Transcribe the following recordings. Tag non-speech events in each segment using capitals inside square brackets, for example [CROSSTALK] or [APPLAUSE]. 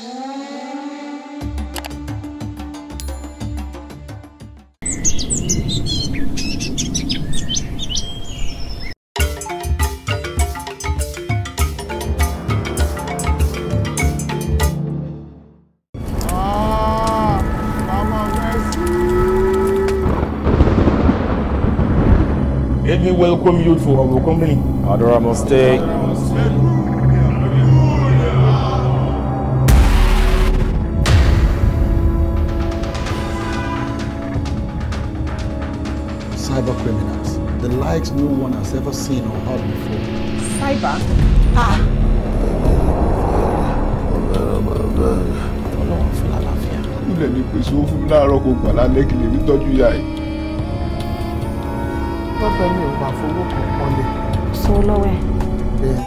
Let me welcome you to our company. Adora must stay. likes no one has ever seen or heard before. Cyber? Ah! Ọlọ́run pèsè owó fún mi láàárọ̀ kò gbà lálẹ́ kí lè tọ́jú ìyá yìí. Lọ́fẹ̀ẹ́ mi ò gbà fowó kan pọ́nlẹ̀. Sọ lọ́wọ́ ẹ̀. Bẹ́ẹ̀.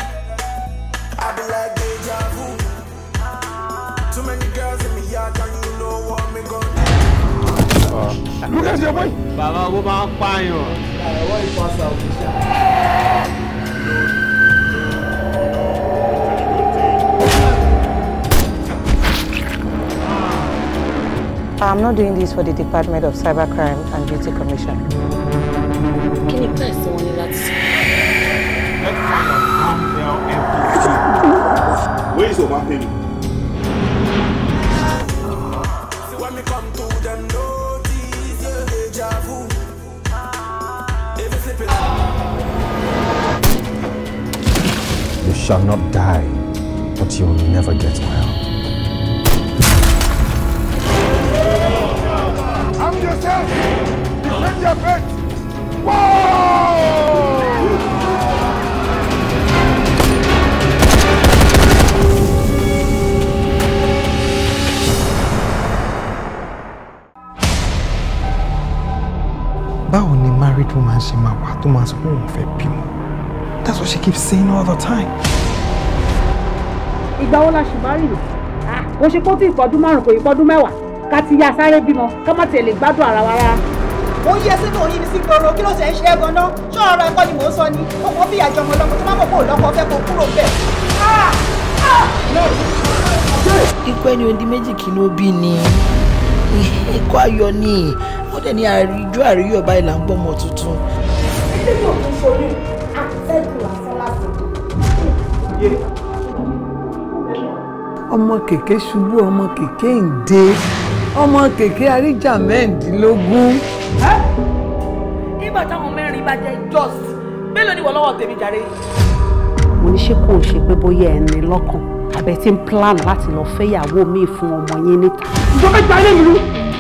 Too many ah. Look at your boy. Bàbá owó máa ń pààyàn. why you pass out? I'm not doing this for the Department of Cybercrime and Duty Commission. Can you please someone in that? "Let's find out Where is your one shall not die, but you will never get well. yourself! Defend your faith! Whoa! Báwo ni married woman ṣe máa wà tó máa sọ pé òun fẹ́ bímọ? That's what she keeps saying all the time. ìgbà wo la rìn ṣe kó tí ìpọ́dún márùn kò ìpọ́dún mẹwàá ká ti yá sáré bímọ ká má lè gbádùn ara wa rárá. ó yẹ sí tòun ní sí ṣe ń ṣe é ni mò sọ ni àjọ ọmọ tó má kó kúrò ah! Ah! odi méjì kí ló bí ni ayọ̀ ni wọ́n dẹ̀ ní àríyọ̀ ọmọ kèké ṣubú ọmọ kèké ń de ọmọ kèké àríjà mẹ́ẹ̀ẹ́dínlógún. nígbà táwọn mẹ́rin bá jẹ́ jọ́s mélòó ni wọ́n lọ́wọ́ tèmi jàre. mo ní ṣé kò ṣe pé bóyá ẹ ní lọ́kàn àbẹ̀ tí ń plan láti lọ fẹ́yàwó mi fún ọmọ yín níta. ìjọba ìgbà ilé mi rú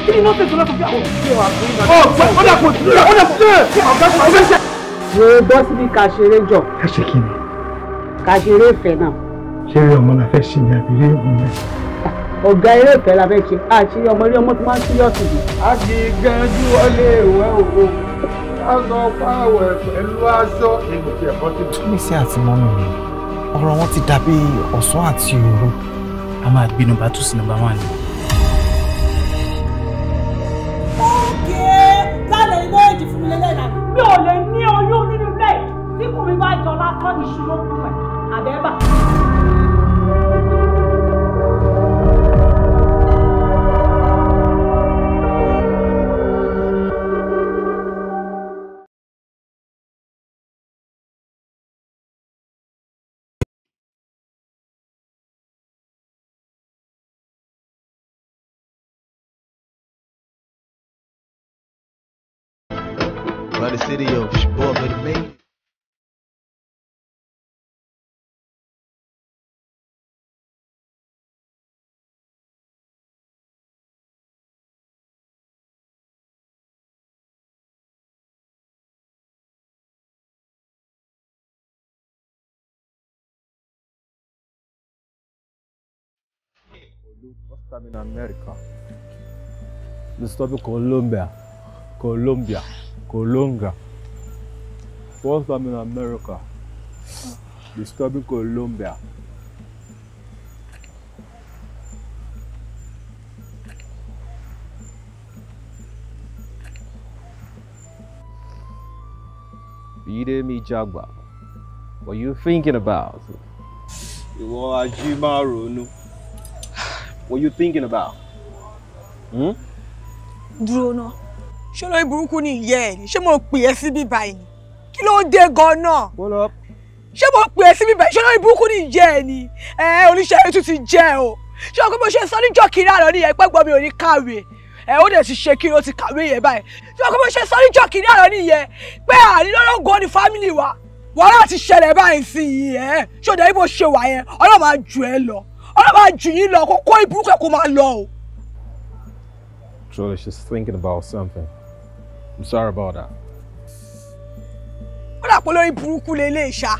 kí ni nọ́ọ̀sì tó lọ́kàn fi àwọn òṣìṣẹ́ wa fún ìgbà. ọ̀pẹ ọ̀dà kò sí ọ̀dà kò sí ọ̀gá kò sí. wo bọ́sibí ká ṣeré jọ. ká ṣe kí ni. ká ṣeré ìfẹ́ náà ṣé eré ọmọ la fẹ́ ṣe ni àbí eré ọmọ la ọ̀gá eré ìfẹ́ la fẹ́ ṣe àṣírí ọmọ eré ọmọ tó máa ń ṣí yọ̀sì jù. a kì í gẹ́jú ọlé ìwé òwò a sọ fáwọ̀ pẹ̀lú aṣọ èdè ẹ̀fọ́ ti. túmísí àti mọ́mí mi ọ̀rọ̀ wọn ti dàbí ọ̀sán àti òru a máa gbé nọ́mbà two sí nọ́mbà one ni. ókè lálẹ́ ilé èjì fún mi lélẹ̀ náà mi ò lè ní oyún nínú ilé tí kò mi bá jọ lásán ìṣúná fún ẹ̀ àbẹ́bà. the city of Bournemouth, Maine. First time in America. This topic Colombia. Colombia. Colonga, first time in America, disturbing Colombia. You Yidemi Jagba, what are you thinking about? You want a Ajima Ronu, what are you thinking about? Hmm? Dúró ṣé lórí burúkú ni ìyẹ́ ẹ̀ ni ṣé mo pè ẹ́ síbí báyìí kí ló dé gan-an náà ṣé mo pè ẹ́ síbí báyìí ṣé lórí burúkú ni ìyẹ́ ẹ̀ ni ẹ oníṣẹ́ ètò ti jẹ́ o ṣé o pé mo ṣe sọ níjọ́ kiri àná nìyẹn pé gbọ́n mi ò ní kàwé ẹ ó dẹ̀ ti ṣe kí o ti kàwé yẹn báyìí ṣé o pé mo ṣe sọ níjọ́ kiri àná nìyẹn pé àrílọ́lọ́gọ́ ni fámìlì wa wàhálà ti ṣẹlẹ̀ báyìí sí i Surely she's thinking about something. I'm sorry about that. Ó dàpọ̀ lórí burúkú lélẹ̀ Sha.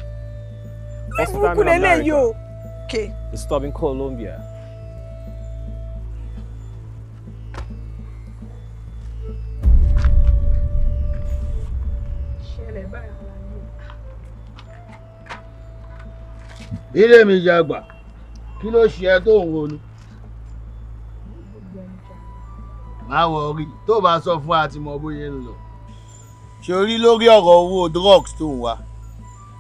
Lórí burúkú lélẹ̀ yìí o. Okay. Disturbing Colombia. Ilé mi jagba, kí ló ṣe ẹ́ tó ń wọnú? má wọrí tó bá sọ fún àti mọ bóyá ń lọ. ṣé o rí lórí ọ̀rọ̀ owó drugs tó ń wá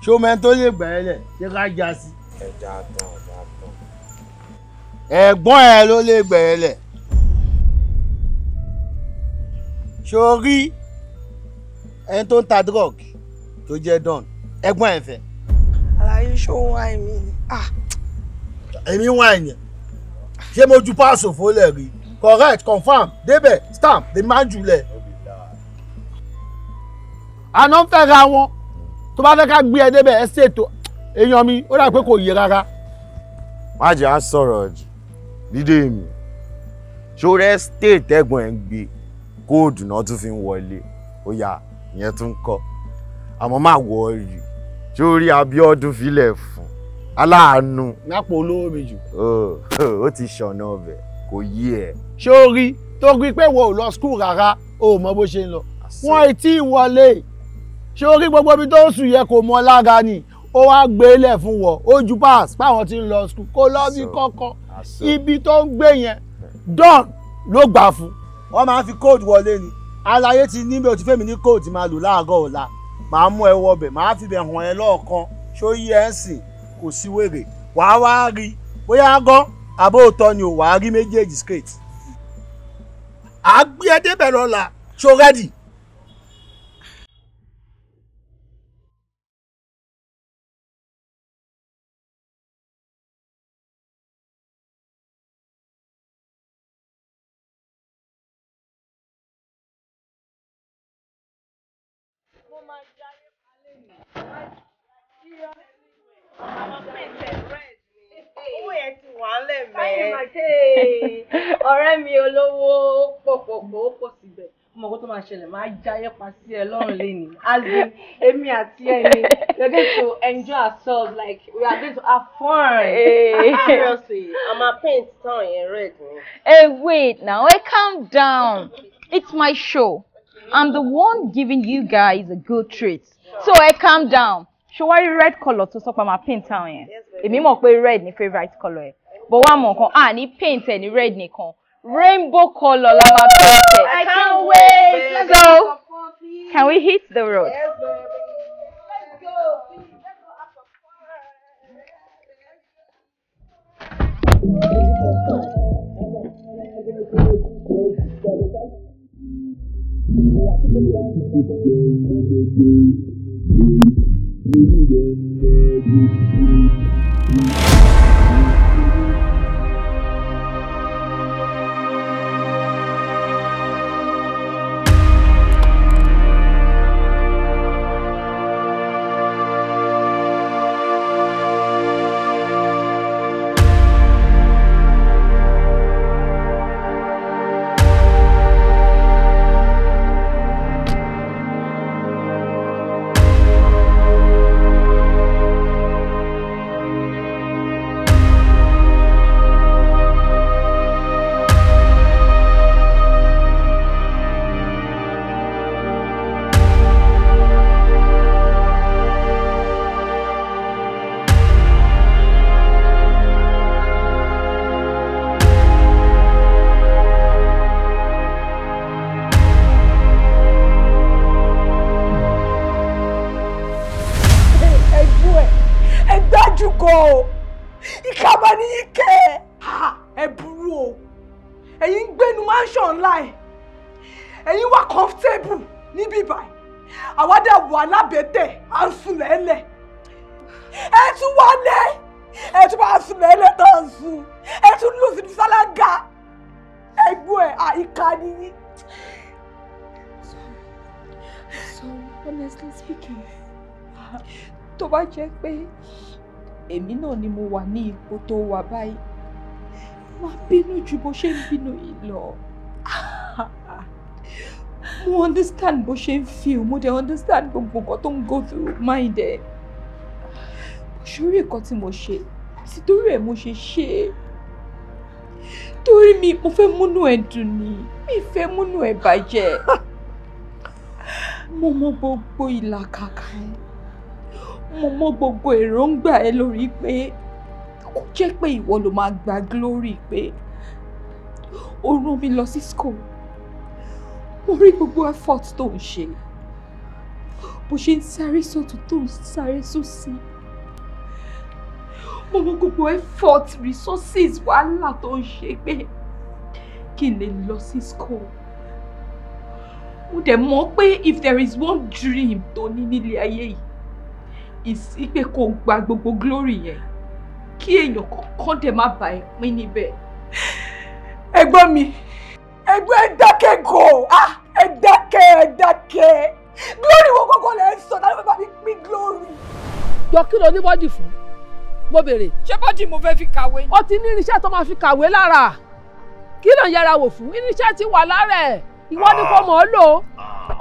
ṣé o mẹ́ni tó lè gbà ẹ́ lẹ̀ ṣé ká já sí. ẹ já tán ẹ já tán. ẹ̀gbọ́n ẹ ló lè gbà ẹ́ lẹ̀. ṣé o rí ẹni tó ń ta drug tó jẹ́ don ẹ̀gbọ́n ẹ fẹ́. àlàyé ṣó ń ni. èmi ń wá ṣé mo ju páàsì òfò lẹ̀ rí i correct confam débẹ̀ stamp lè máa ń jùlẹ̀. àná ń fẹ́ra wọn tó bá fẹ́ ká gbé ẹ débẹ̀ ẹ ṣètò èèyàn mi ó dà pé kò yẹ rárá. má jẹ́ à sọ̀rọ̀ jù dídé mi ṣòro estate ẹ̀gbọ́n ẹ̀ ń gbé kóòdù náà tún fi ń wọlé ó yá ìyẹn tún kọ́ àmọ́ má wọ̀ọ́rì sórí Abíọ́dún filẹ̀ fún aláàánú. nápò olówó mi jù. Oh, [LAUGHS] ó ti ṣọ̀nà ọbẹ̀ kò yí ẹ. ṣé o rí tó rí pé wo ò lọ skul rárá o ò mọ bó ṣe ń lọ wọn ti wọlé ṣé o rí gbogbo ibi tó ń sùn yẹ kò mọ lára ni ó wá gbé e lẹ̀ fún wọ ojú pass báwọn ti ń lọ skul kó lọ bí kọ́kọ́ ibi tó ń gbé yẹn don ló gbà fún. wọ́n máa ń fi kóòdù wọlé ni alaye ti níbi òtí fèmí ní kóòdù máa lò láàárọ̀ ọ̀la màá mú ẹ wọbẹ̀ màá fi bẹ̀ hàn ẹ lọ́ọ̀kan ṣó yí ẹ ń sìn kò sí wèrè wàá wá rí bóyá gán abóòtọ́ ni ò wá rí méjèèjì straight àgbé ẹdẹbẹ lọ́la ṣó rẹ́dì. Thank wà á lẹ̀ mẹ́. ọ̀rẹ́ mi olówó pòpòpò ó kò síbẹ̀ ọmọ ọgbọ́n tó máa ṣẹlẹ̀ máa jáyé pa sí ẹ lọ́rùn lẹ́nu azin èmi àti ẹni we are going to enjoy ourselves like we are going to have fun. [LAUGHS] seriously i'm a paint town yẹn red ni. hey wait now hey calm down it's my show i'm the one giving you guys a good treat so hey calm down ṣé wàá rí red colour tó sọ pé i'm a paint town yẹn èmi mọ̀ pé red ni favourite colour yẹn But wá mọ̀ nǹkan Ah, ní paint ẹ̀ ní red nìkan rainbow colour la máa paint ẹ̀. I can't wait. So can we hit the road? Let's go. Thank you. wà ní ipò tó wà báyìí wàá bínú ju bó ṣe ń bínú yìí lọ [LAUGHS] mo understand bó ṣe ń feel mo dẹ̀ understand gbogbo nǹkan tó ń go through mind ẹ̀ mo ṣorí nǹkan tí mo ṣe títorí ẹ̀ mo ṣe ṣe é torí mi mo fẹ́ múnú ẹ̀ dùn ni mi fẹ́ múnú ẹ̀ bàjẹ́ mo mọ gbogbo ìlàkàkà ẹ̀ mo mọ gbogbo èròǹgbà ẹ lórí pé ó jẹ́ pé ìwọ ló máa gba glory pé ó rán mi lọ sí school mo rí gbogbo effort tó ń ṣe bó ṣe ń sáré sọ́tún tó ń sáré sósì mo mọ gbogbo effort resources wàhálà tó ń ṣe pé kí n lè lọ sí school mo dẹ̀ mọ̀ pé if there is one dream tó ní nílé ayé yìí ìsí pé kò gba gbogbo glory yẹn kí èèyàn kọ́kọ́ dẹ̀ má bàa ẹ̀ níbẹ̀. ẹ̀gbọ́n mi ẹ̀gbọ́n ẹ dákẹ́ gò ah, ẹ dákẹ́ glory wo kọ́kọ́ lẹ́ sọ náà ló bá mi pín glory. jọ kí ló ní bọ́dì fún mo béèrè. ṣé bọ́dì mo fẹ́ fi kàwé. ó ti ní irinṣẹ́ tó máa fi kàwé lára kí ló yẹra wò fún irinṣẹ́ ti wà lára ẹ̀ ìwọ ni kò mọ̀ ọ́ lò ó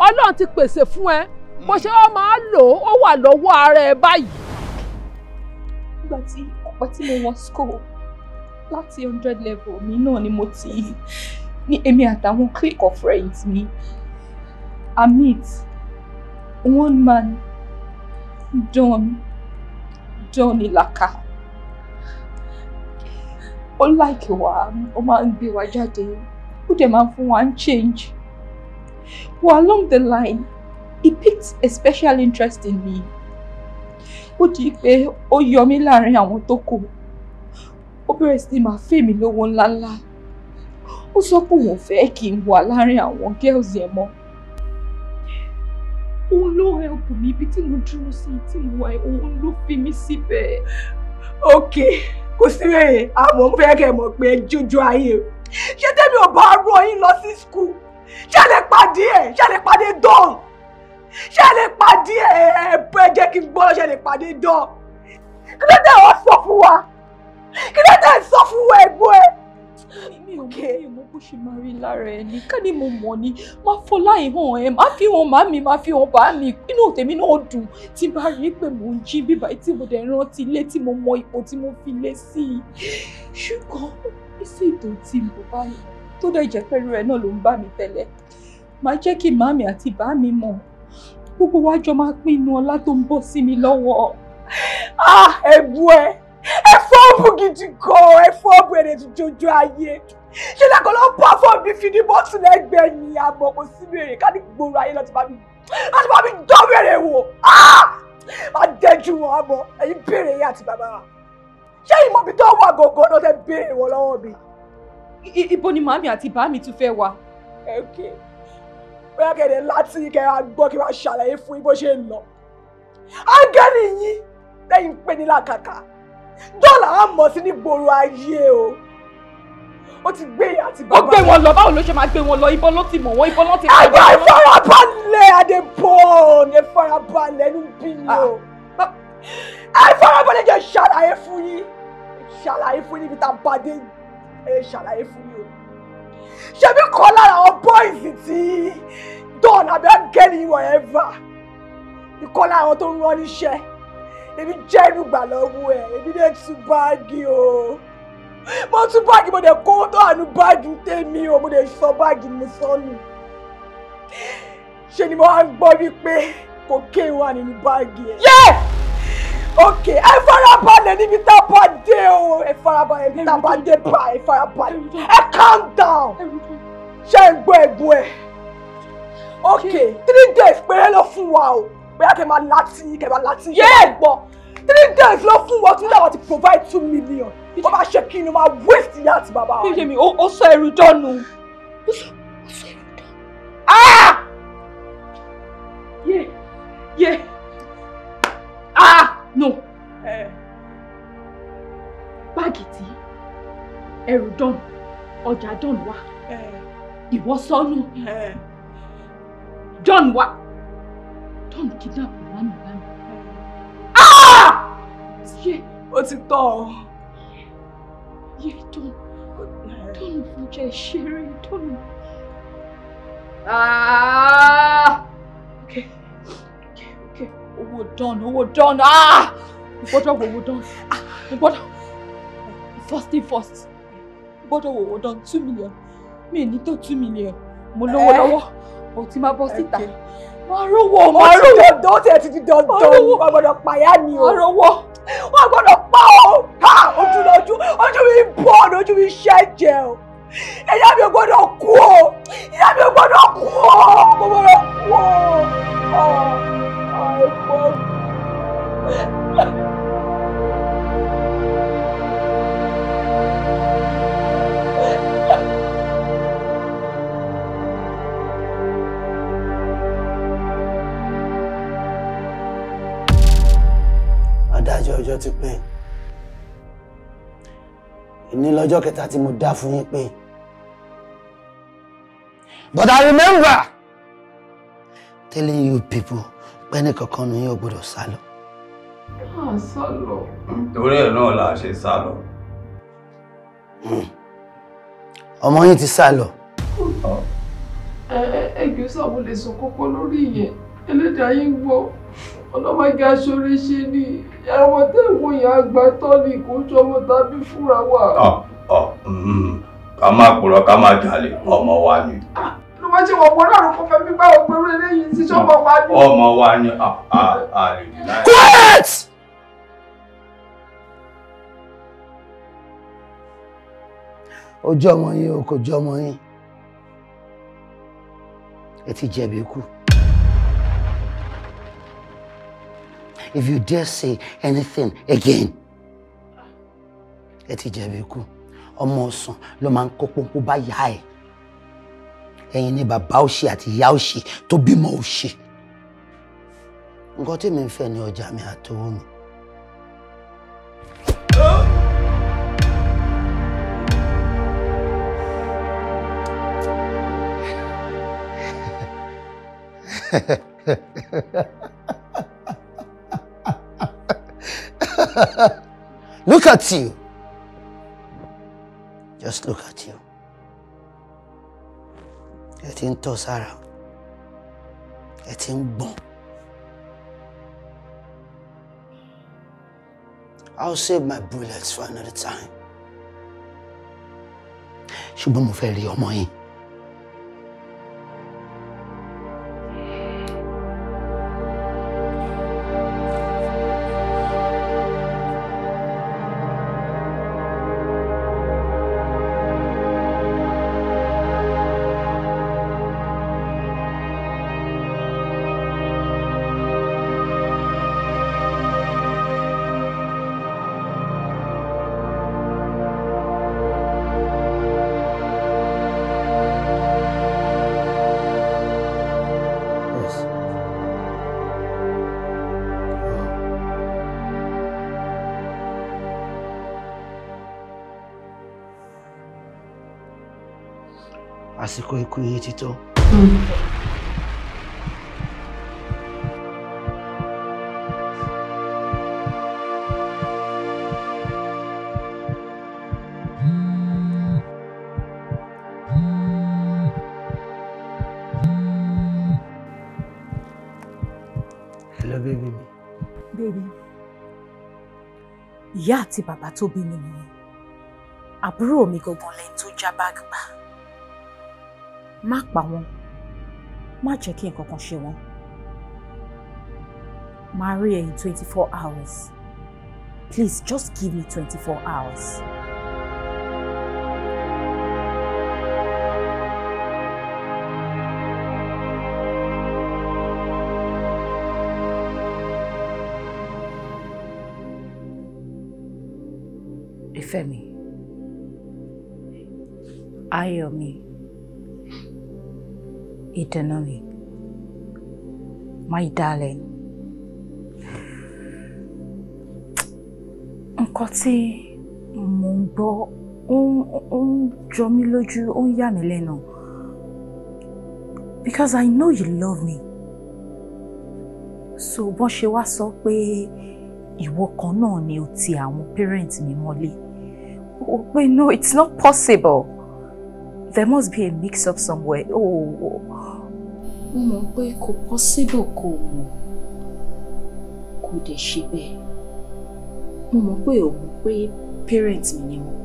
ọlọ́run ti pèsè fún ẹ bó ṣe wọ́n máa lò ó wà lọ́wọ́ ara ẹ báyìí pẹ́ tí mo wọ school láti hundred level mi náà ni mo ti ní èmi àtàwọn clique of friends mi I one man don' don' Ilaka ó láìkè wá ó máa ń gbé wa jáde ó dẹ̀ máa ń fún wa ń change well along the line he picked a special interest in me ó di pé ó yọ mí láàrin àwọn tó kù ó bẹ̀rẹ̀ sí máa fẹ́ mi lówó ńláńlá ó sọ pé òun fẹ́ kí n wà láàrin àwọn girls yẹn mọ́ òun ló help mi ibi tí mo dúró sí tí mo wà òun ló fi mí síbẹ̀. ok kò sí rèé àmọ́ mo fẹ́ kẹ́ ẹ mọ̀ pé jójó ayé ṣé tẹ́mi ò bá rọ yín lọ sí skul ṣé ẹ pàdé ẹ̀ ṣé pàdé dán ṣe lè pàdé ẹ̀bùn ẹ̀jẹ̀ kí n gbọ́dọ̀ ṣe lè pàdé dán kí ló dé ọ̀ sọ fún wa kí ló dé sọ fún wa ẹ̀gbọ́n ẹ̀. mi ò mọ mi mọ bó ṣe máa rí lára ẹ ní ká ní mo mọ ni máa fọlá ìhàn ẹ máa fi hàn màmí máa fi hàn bàmí inú tèmi náà dùn tí bá rí pé mò ń jí bíbá tí mo dẹ̀ rántí ilé tí mo mọ ipò tí mo fi lé sí i ṣùgbọ́n ìsì ìdọ̀tí mo bá yẹ tó dẹ̀ jẹ́ pẹ́rú ẹ náà ló ń bá mi tẹ́lẹ̀ máa jẹ́ kí màmí àti bàmí mọ̀ gbogbo wa jọ máa pinnu ọlá tó ń bọ́ sí mi lọ́wọ́ ah, ẹ̀bù ẹ̀ ẹ fọ́ọ̀mù gidi gan ẹ fọ́ọ̀mù ẹ̀rẹ̀ ti jojú ayé ṣé lákọ̀ọ́ lọ bá fọ́ọ̀mù mi fi ní bọ́ọ̀sì lẹ́gbẹ̀ẹ́ ni àmọ́ kò sí wèrè ká ní gbòòrò ayé láti bá mi láti bá mi dán wèrè wò ah! á dẹ́jú wọn àmọ́ ẹ̀yin béèrè yín àti bàbá wa ṣé ìmọ̀bi tó wà gọ̀ọ̀gọ̀ ló fẹ́ béèrè wọn lọ́wọ́ mi. ibo ni màmí àti bàmí tún fẹ́ wà. okay bóyá kẹ̀dẹ̀ láti kẹ́ wa gbọ́ kí wa ṣàlàyé fún yín bó ṣe ń lọ. áńgẹ́lì yín lẹ́yìn pé ní làkàkà dọ́là á mọ̀ sí ní gbòòrò ayé o ó ti gbé yín àti bàbá. ó gbé wọn lọ báwo ló ṣe máa gbé wọn lọ ibọ ló ti mọ̀ wọ́n ibọ ló ti. ẹgbẹ́ ìfarabalẹ̀ adébọ̀n ìfarabalẹ̀ ẹnu bí mi ah. o ìfarabalẹ̀ jẹ́ ṣàlàyé fún yín ṣàlàyé fún yín níbi tá a bá dé ṣàlàyé fún yín o ṣebí kan lára àwọn bọ́ìsì tí don àbí ángẹ́lì wọ̀nyẹ́fà ìkan lára àwọn tó ń rán níṣẹ́ èmi jẹ́ inú gbà lọ́wọ́ ẹ̀ èmi lè tú báàgì o mo tú báàgì mo dẹ̀ kó tó àánú báàgì tèmi o mo dẹ̀ sọ báàgì mo sọnù ṣe ni mo wá ń gbọ́ wípé kò kéwà nínú báàgì ẹ̀. yẹ́ẹ̀ ok ẹ farabalẹ̀ níbi tá a bá dé o ẹ farabalẹ̀ níbi tá a bá dé bá ẹ farabalẹ̀ ẹ calm down ṣe ń gbọ́ ẹ̀gbọ́n ẹ̀ ok three days péré ló fún wa o bóyá kẹ́ máa láti kẹ́ máa láti ṣe é gbọ́ three days ló fún wa tí láwọn ti provide two million wọ́n máa ṣe kí ni máa waste ìyá àti bàbá wa. ṣé mi ó sọ ẹrù dọ́nu yeah. sọ ah. ah! no eh. báàgì tí ẹrù dán ọjà dán wà eh. ìwọ sọnù John eh. wà John kidnap mami mami yé ó ti tọ̀ ọ́ yé John John fúnjẹ ṣeré John. Ah! Okay owó dán owó dán ah mo gbọ́dọ̀ wo owó dán mo gbọ́dọ̀ first thing first mo gbọ́dọ̀ wo owó dán two million mi ní tó two million mo lówó eh? lọ́wọ́ mo ti máa bọ́ síta máa rówó máa rówó dán tí ẹ ti di dandan wọn gbọ́dọ̀ pààyà ni o máa rówó wọn gbọ́dọ̀ pa o ha ojú lójú ojú mi bọ́ọ̀nù ojú mi ṣẹ́jẹ̀ o ìyá mi ò gbọ́dọ̀ kú o ìyá mi ò gbọ́dọ̀ kú o mo gbọ́dọ̀ kú o. Ah my mom. adájọ́ ọjọ́ ti pé ìní lọ́jọ́ kẹta tí mo dá fún yín pé but I remember telling you people pẹ́ẹ́nì kankan ni yóò gbọ́dọ̀ sá lọ. máa sá lọ. torí ẹ̀ náà là ṣe sá lọ. Hmm. ọmọ yín ti sá lọ. sọ kókó lórí ìyẹn ẹlẹ́dàá ọlọ́mọge aṣọ́rẹ́ ṣe ni àwọn yẹn àgbà ni kò wa. Hmm, ká máa pòrọ̀ ká máa jalè ọmọ wa ni. Ah, wọ́n ṣe wọ̀pọ̀ ọlọ́run kò fẹ́ gbígbá òpin eléyìí tí sọ́mọ wa ní. ọmọ wa ni àlèdè quiet. ojú ọmọ yín o kò jọ ọmọ yín ẹ ti jẹ̀bi ikú. if you dare say anything again ẹ ti jẹ̀bi ikú ọmọ ọ̀sán ló máa ń kó pọ́npọ́ bá yá ẹ̀ ẹ̀yin ni bàbá òṣì àti ìyá òṣì tó bímọ òṣì nǹkan tí mi ń fẹ́ ni ọjà mi àtọwọ́ mi. [LAUGHS] look at you. Just look at you ẹ ti ń tọ̀ sára ẹ ti ń gbọ̀n. I'll save my bullets for another time. ṣùgbọ́n mo fẹ́ rí ọmọ yìí. ikú yín ti tọ́. ìyá àti bàbá tó bí mi nìyẹn àbúrò mi gangan lẹ́yìn tó já báàgì gbà má pa wọn má jẹ́ kí nǹkan kan ṣe wọn máa rí ẹ in twenty four hours please just give me twenty four hours. Femi, Ayomi eternally. My darling. Nǹkan tí mo ń gbọ́ ó ń jọ mí lójú, ó ń yà mí lẹ́nu. Because I know you love me. So bọ́n ṣe wá sọ pé ìwọ kan náà ni o ti àwọn parents mi mọ́lé. Oh, wait, no, it's not possible. There must be a mix-up somewhere. Oh, mo mọ̀ pé kò possible kò mọ̀ kò dẹ̀ ṣe bẹ́ẹ̀ mo mọ̀ pé ò mọ̀ pé parent mi ni wọ́n.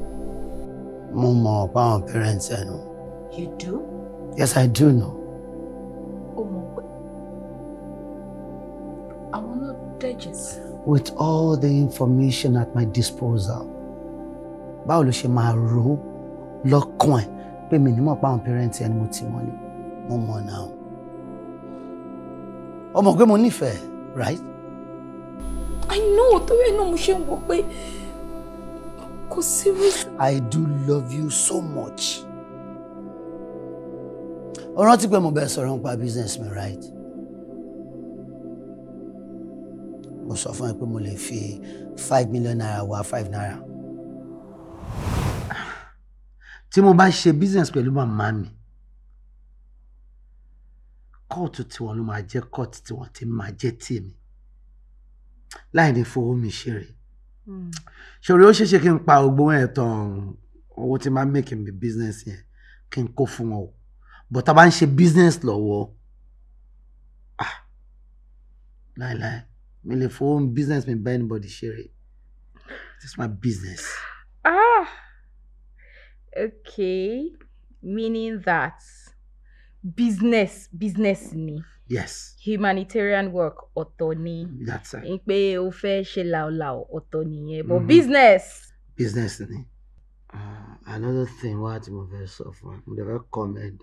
mo mọ̀ ọ̀pá àwọn parents ẹ̀ nù. you do? yes i do know. o mọ̀ pé àwọn náà dẹ̀jẹ̀ with all the information at my disposal báwo ló ṣe máa ro lọ́kàn ẹ̀ pé mi ní mọ̀ pa àwọn parents ẹ̀ ni mo ti mọ̀ ni mo mọ̀ náà ọmọ pé mo nífẹ̀ẹ́ right. I know torí ẹ̀ mo ṣe ń wọ pé kò sí reason. I do love you so much. ó rántí pé mo bẹ̀rẹ̀ sọ̀rọ̀ nípa business mi right. mo sọ fún ẹ pé mo lè fi five million naira wá five naira tí mo bá ṣe business pẹ̀lú màmá mi kóòtù tiwọn ló máa jẹ́ kóòtù tiwọn tí máa jẹ́ tèmi láì ní fowó mi ṣeré hmm. ṣòro ó ṣeéṣe kí n pa gbogbo ẹ̀ tán owó tí máa ń mèkì mi business yẹn kí n kó fún wọn o but tá a bá ń ṣe business lọ́wọ́ ah láìláì mi lè fowó business mi buy anybody ṣeré this is my business. ah okay meaning that business business ni. yes. humanitarian work ọ̀tọ̀ ni. that's right. n pé o fẹ́ ṣe làólàó ọ̀tọ̀ nìyẹn but mm. business. business ni. Uh, another thing wá tí mo fẹ́ sọ fún ẹ mo dẹ̀ fẹ́ comment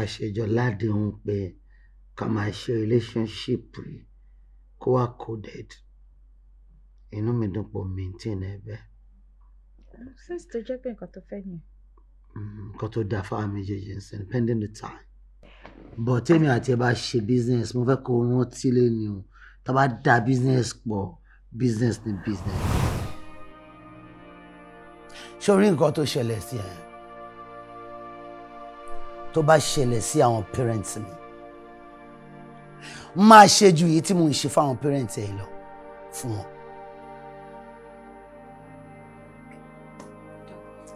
àṣejọ ládéhùn pé ká máa ṣe relationship rí kó wá coded inú mi dùn pọ̀ maintain ẹ bẹ́ẹ̀. since tó jẹ́ pé nǹkan tó fẹ́ nìyẹn nǹkan da dáa fáwọn méjèèjì ń sìn pending the time but tèmi àti ẹ bá ṣe business mo fẹ́ kó rántí lé ni o tá a bá da business pọ̀ business ni business. sórí nǹkan tó ṣẹlẹ̀ sí ẹ tó bá ṣẹlẹ̀ sí àwọn parents mi máa ṣe ju èyí tí mo ń ṣe fáwọn parents ẹ lọ fún wọn.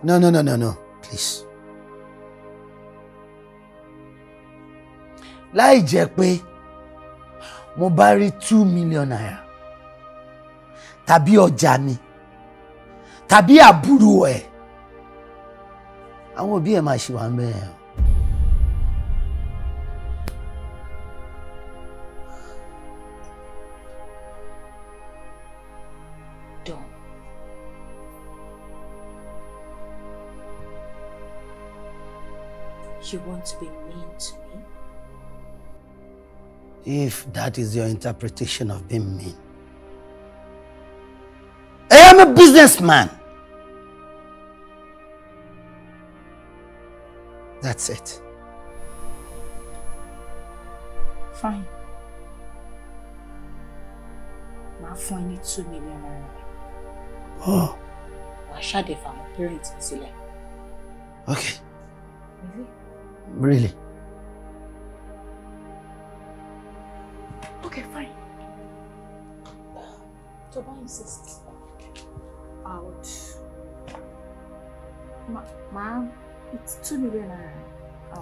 No, no, no, no, no please. láì jẹ́ pé mo bá rí two million naira tàbí ọjà mi tàbí àbúrò ẹ̀ àwọn òbí ẹ̀ máa ṣì wà ń bẹ̀rẹ̀ o. You want to be mean to me? If that is your interpretation of being mean. I am a businessman. That's it. Fine. Màá find it ní two million naira. Oh. Wàá ṣàdé fáwọn parents sílẹ̀. Okay. Really? Okay, fine. Toba insists. Out. Ma, ma'am, it's two million naira.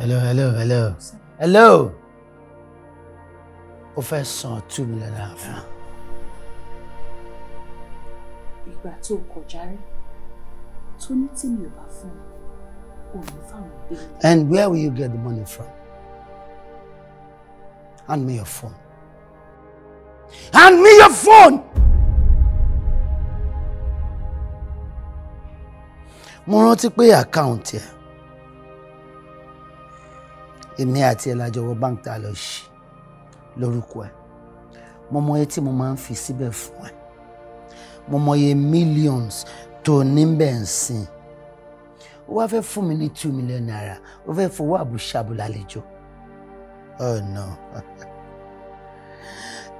Hello, hello, hello. Hello! Ó two million naira fún. Ìgbà tó kọjá rí, tó ní tí mi ò bá fún un. And where will you get the money from? Hand me your phone. Hand me your phone! Mo rántí pé àkáùntì ẹ̀. Èmi àti ẹ̀ lájọ wọ báńkì tá a lọ ṣí lórúkọ ẹ̀. Mo mọ iye tí mo máa ń fi síbẹ̀ fún ẹ̀. Mo mọ iye millions tó ní bẹ́ẹ̀ ń sìn wá fẹ́ fún mi ní two million naira ó fẹ́ fowó àbùṣàbù lálejò oh no [LAUGHS]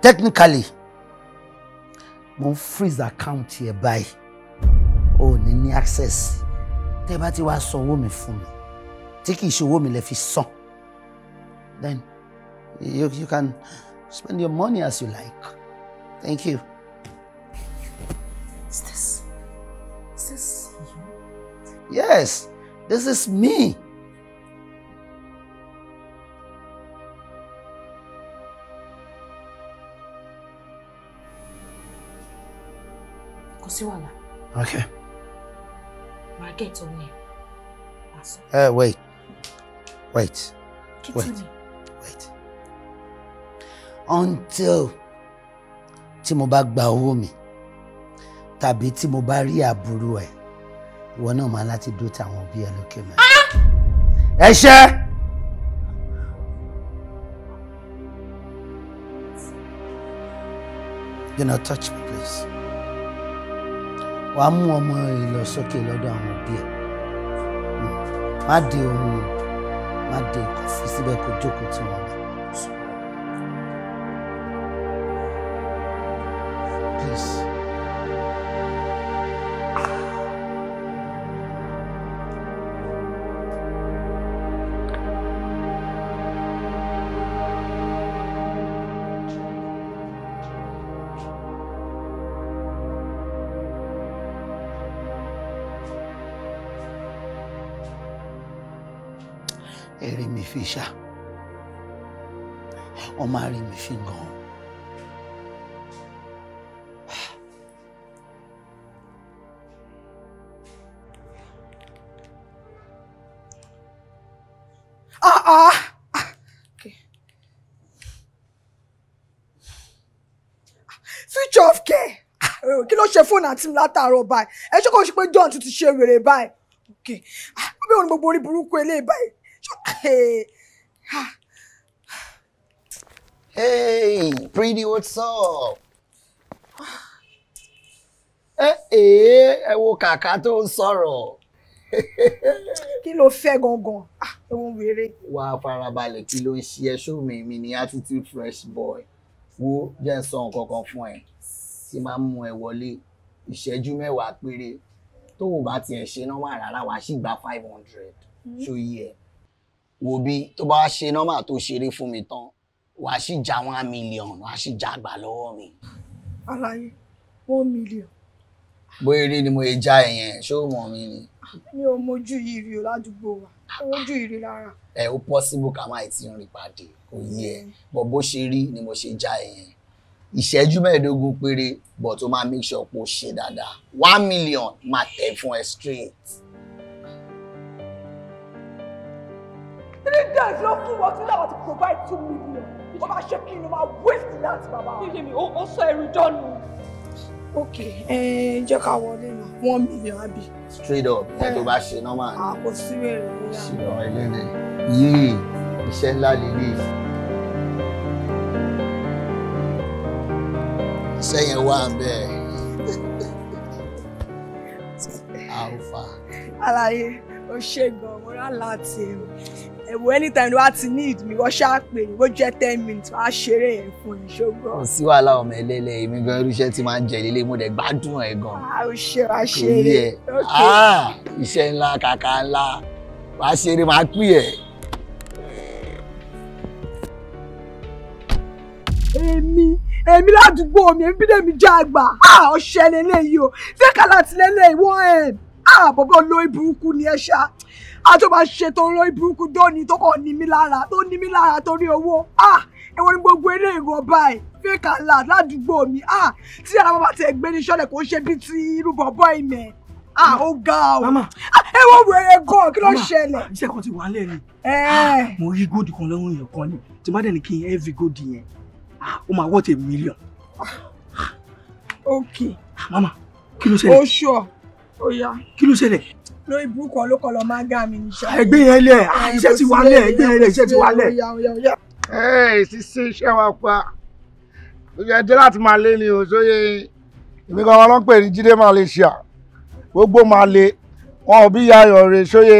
technically mo ń freeze account yẹn báyìí o ò ní ní access tẹ́ bá ti wá san owó mi fún mi tí kì í ṣe owó mi lè fi san then you, you can spend your money as you like thank you. Is this? Is this? Yes, this is me. Kò Okay. Màá gé ìtọ́ ní ẹ̀. wait. Wait. wait. Wait. Until tí mo bá gba owó mi tàbí ìwọ náà máa láti dó tàwọn òbí ẹ lókè mẹ. ẹ ṣe. do not touch me please. wàá mú ọmọ ìlọsókè lọ́dọ̀ àwọn òbí ẹ hmm. má de ohun má de kò fi síbẹ̀ kó jókòó tí wọn. ẹ̀rí mi fi ṣá ọmọ àrí mi fi gan. switch off kẹ̀ kí ló ṣe fóònù àti mi látàárọ̀ báyìí ẹ ṣe kó ṣe pé John ti ti ṣe wèrè báyìí ok bí òun gbogbo orí burúkú eléyìí báyìí. Hey, pretty, what's up? Eh, eh. I woke up tó ń sorrow. Kilo fair fẹ́ gangan? Ah, Ẹ̀wọ̀n wèrè. Wà á Wow, farabale. Kilo, ń ṣe ẹṣọ́ mi mi attitude fresh boy. Wo jẹ́ ń sọ nǹkan kan fún ẹ. Tí máa ń work ẹ wọlé ìṣẹ́jú mẹ́wàá péré. Tó o bá tiẹ̀ ṣe nọ́mà rárá wàá sì five hundred. Mm-hmm. Ṣó yí wo bí tó bá ṣe nọ́mà tó ṣeré fún mi tán wàá sì já one million wàá sì já àgbà lọ́wọ́ mi. alaye one million. bóyá eré ni mo lè já ẹ̀yẹn ṣé o mọ̀ mi ni. mi ò mojú yìí rí o ládùúgbò wa ojú ìrí lára. ẹ ó possible ká máa ti rìn pàdé kò yí ẹ mm. bọ bó ṣe rí ni mo ṣe já ẹ yẹn ìṣẹ́jú mẹ́ẹ̀ẹ́dógún péré bọ̀ tó máa make sure pé ó ṣe dáadáa one million máa tẹ̀ fún ẹ straight. three days no fún wọn tún láwọn ti provide two million ó máa ṣe kí ni máa waste láti bàbá wa. yéyemi ó sọ ẹrù dọ́nù. ok ẹ jẹ́ ká wọlé náà one million àbí. straight up ẹ tó bá ṣe normal. a kò sí wẹ̀rẹ̀ lóyà. ṣìlọ ẹlẹ́dẹ̀ yìí iṣẹ́ ńlá lélẹ̀. iṣẹ́ yẹn wà bẹ́ẹ̀. [LAUGHS] alfa. àlàyé ó ṣe gan mo rà láti ẹ̀rù ẹ̀wọ̀ anytime ló wá ti need mi wọ́n ṣáà pè mí bó jẹ́ ten minutes wàá ṣeré yẹn fún mi ṣógbọ́n. kò sí wàhálà ọmọ ẹlẹ́lẹ̀ èmi gan irúṣẹ́ tí máa ń jẹ lílé mo dẹ̀ gbádùn ẹ̀ gan. a ah, ò ṣe wá ṣeré ok ah, iṣẹ́ ńlá kàkà ńlá wàá ṣeré máa pì ẹ̀. èmi èmi ládùúgbò mi èmi bí lèmi jẹ àgbà ọ̀ṣẹ́ ah, lélẹ́yìí o fẹ́kà láti lélẹ́yìí wọ́n ẹ̀ àbọ̀bọ̀ ah, lórí burúkú ni ẹ ṣá a ah, tó máa ṣe tó lórí burúkú dọ́ọ̀ni tó kàn ní mí lára tó ní mí lára torí owó ẹwọ ah, ni gbogbo eré ìrọ̀ báyìí fake àlà ládùúgbò mi tí àwọn bàbá tẹ̀ gbé ní sọ́lẹ̀ kò ṣe bí ti irú bọ̀bọ̀ ìmẹ̀ ó ga o ẹwọ wẹrẹ gan kí ló ṣẹlẹ̀. iṣẹ́ kan ti wà lẹ́ ni mo rí góòdù kan lọ́wọ́ èèyàn kan ni tí má dẹ̀ ní kí n ẹ́ fi góòdù yẹn ó máa wọ́ọ̀tì mílíọ̀n. ok mama kí ló ṣẹlẹ̀. o sure ọ̀yà kí ló ṣẹlẹ̀. lórí burúkú ọ ló kọ lọ máa gá mi níṣẹ́. ẹgbẹ́ yẹn lẹ̀ ah, iṣẹ́ ti wá lẹ̀ ẹgbẹ́ yẹn lẹ̀ iṣẹ́ ti wá lẹ̀. ẹ ṣiṣẹ́ iṣẹ́ wa pa ẹ dé láti máa lé ni o sóye èmi kan wọn lọ ń pè ní Jídé Malaysia gbogbo máa lé wọn ò bí ya ayọ̀ rè sóye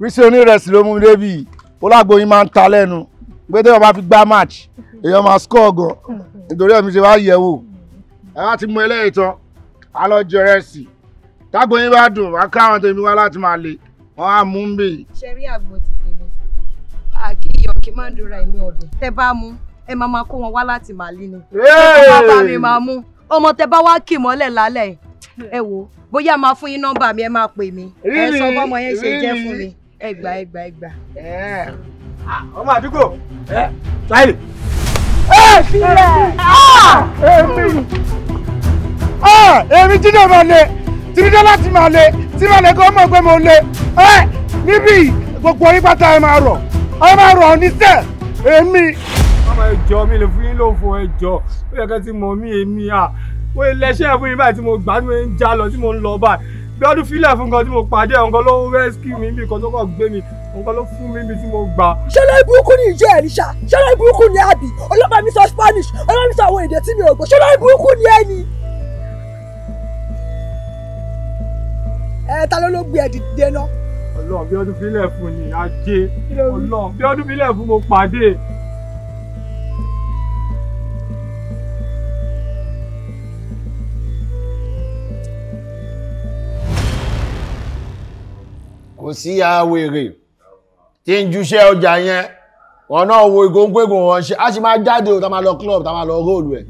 rísí onírẹsì ló mú mi débì ó lágbo yín máa ń ta lẹ́nu pé tí wọ́n bá fi gbá match èèyàn máa score gan nítorí ẹ̀mí ṣe wá yẹ̀ wò ẹ bá ti mú eléyìí tán á lọ jẹ rẹ́sì tágbo yín bá dùn wá káwọn tèmi wá láti máa le wọn á mú un bì. ṣe rí àgbo ti tèmi àkìyọ kí má dúra ẹni ọdún tẹ bá mú ẹ máa máa kó wọn wá láti màlí ni ẹ bá mi máa mú ọmọ tẹ bá wá kì mọ́lẹ̀ lálẹ́ ẹ wò bóyá máa fún yín nọ́mbà mi ẹ máa pè mí ẹ sọ bọ́mọ yẹn ṣe jẹ́ fún mi ẹ gbà ẹ gbà ẹ gbà. ọmọ àdúgbò ẹ sáyẹlì. ẹ sílẹ̀ ẹ èmi jíjọba lè tìrìdá láti máa le tí máa le kó mọ̀ pé mo le ẹ níbí gbogbo yín pátá ẹ máa rọ̀ ẹ máa rọ̀ ní sẹ́ èmi. ọmọ ẹjọ mi lè fún yín lófo ẹjọ ó yẹ kẹ́ ti mọ̀ mí èmi à wọ́n ilé iṣẹ́ fún yín báyìí tí mo gbà tí mo ń já lọ tí mo ń lọ báyìí bí ọdún fílẹ̀ fún nǹkan tí mo pàdé nǹkan ló rescue mi nǹkan tó kàn gbé mi nǹkan ló fún mi níbi tí mo gbà. ṣẹlẹ burúkú ni ìjọ ẹ̀ríṣà ṣẹlẹ burúkú ni àbí ọlọ́pàá mi sọ Spanish ọlọ́pàá mi sọ àwọn èdè tí mi ò gbọ́ ṣẹlẹ burúkú ni ẹni. ẹ ta ló ló gbé ẹ dìde náà. Ọlọ́run bí ọdún fílẹ̀ fún ni ajé Ọlọ́run bí ọdún fílẹ̀ fún mo pàdé. kò sí àwèrè tí ń juṣẹ́ ọjà yẹn wọn náà wo ìgòǹgbègùn wọn ṣe a sì máa jáde ò tá máa lọ club tá máa lọ róòlù ẹ̀.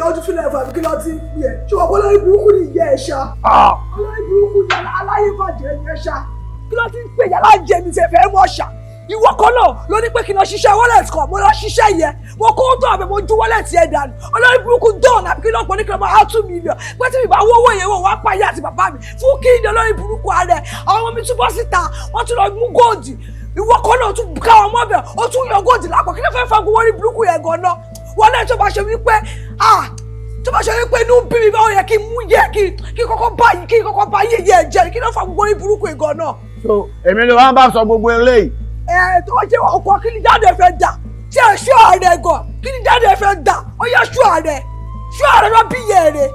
bí ọdún tún lẹ́fà bí kí ló ti ń pè ẹ́ ṣé ọkọ lórí burúkú ni ìyá ẹ̀ ṣá ah! lórí burúkú ni aláyébàjẹ́ ẹ̀ ṣá kí ló ti ń pè yàrá jẹ mi tẹ̀ fẹ́ mọ̀ ṣá ìwọ kan náà ló ní pé kí n lọ ṣiṣẹ́ wallet kan mo lọ ṣiṣẹ́ yẹn mo kó tó àbẹ̀ mo ju wallet yẹn dànù olórí burúkú dán àbí kí lọ́pọ̀ ní kí lọ́mọ á two million pé tí mi bá wọ́ owó yẹn wò wá pààyè àti bàbá mi fún kí ni olórí burúkú ààrẹ àwọn ọmọ mi tún bọ́ síta wọ́n tún lọ mú góòdì ìwọ kan náà tún káwọn mọ́bẹ̀ ó tún yọ góòdì lápò kí ló fẹ́ fagun wọ́n ní burúkú yẹn gan náà wọ́n náà tó bá ṣe wípé ah tó bá ṣe wípé inú bí mi bá yẹ kí mú yẹ kí kí kọ́kọ́ bá yìí kí kọ́kọ́ bá yẹ yẹ jẹ kí ló fà gbogbo orí burúkú ìgàn náà. so èmi ló wá ń bá sọ gbogbo eléyìí. ẹ tó wá ṣe ọkọ kí ni jáde fẹ́ dà ṣe ṣú ààrẹ gan kí ni jáde fẹ́ dà ó yẹ ṣú ààrẹ ṣú ààrẹ lọ bí yẹ rẹ.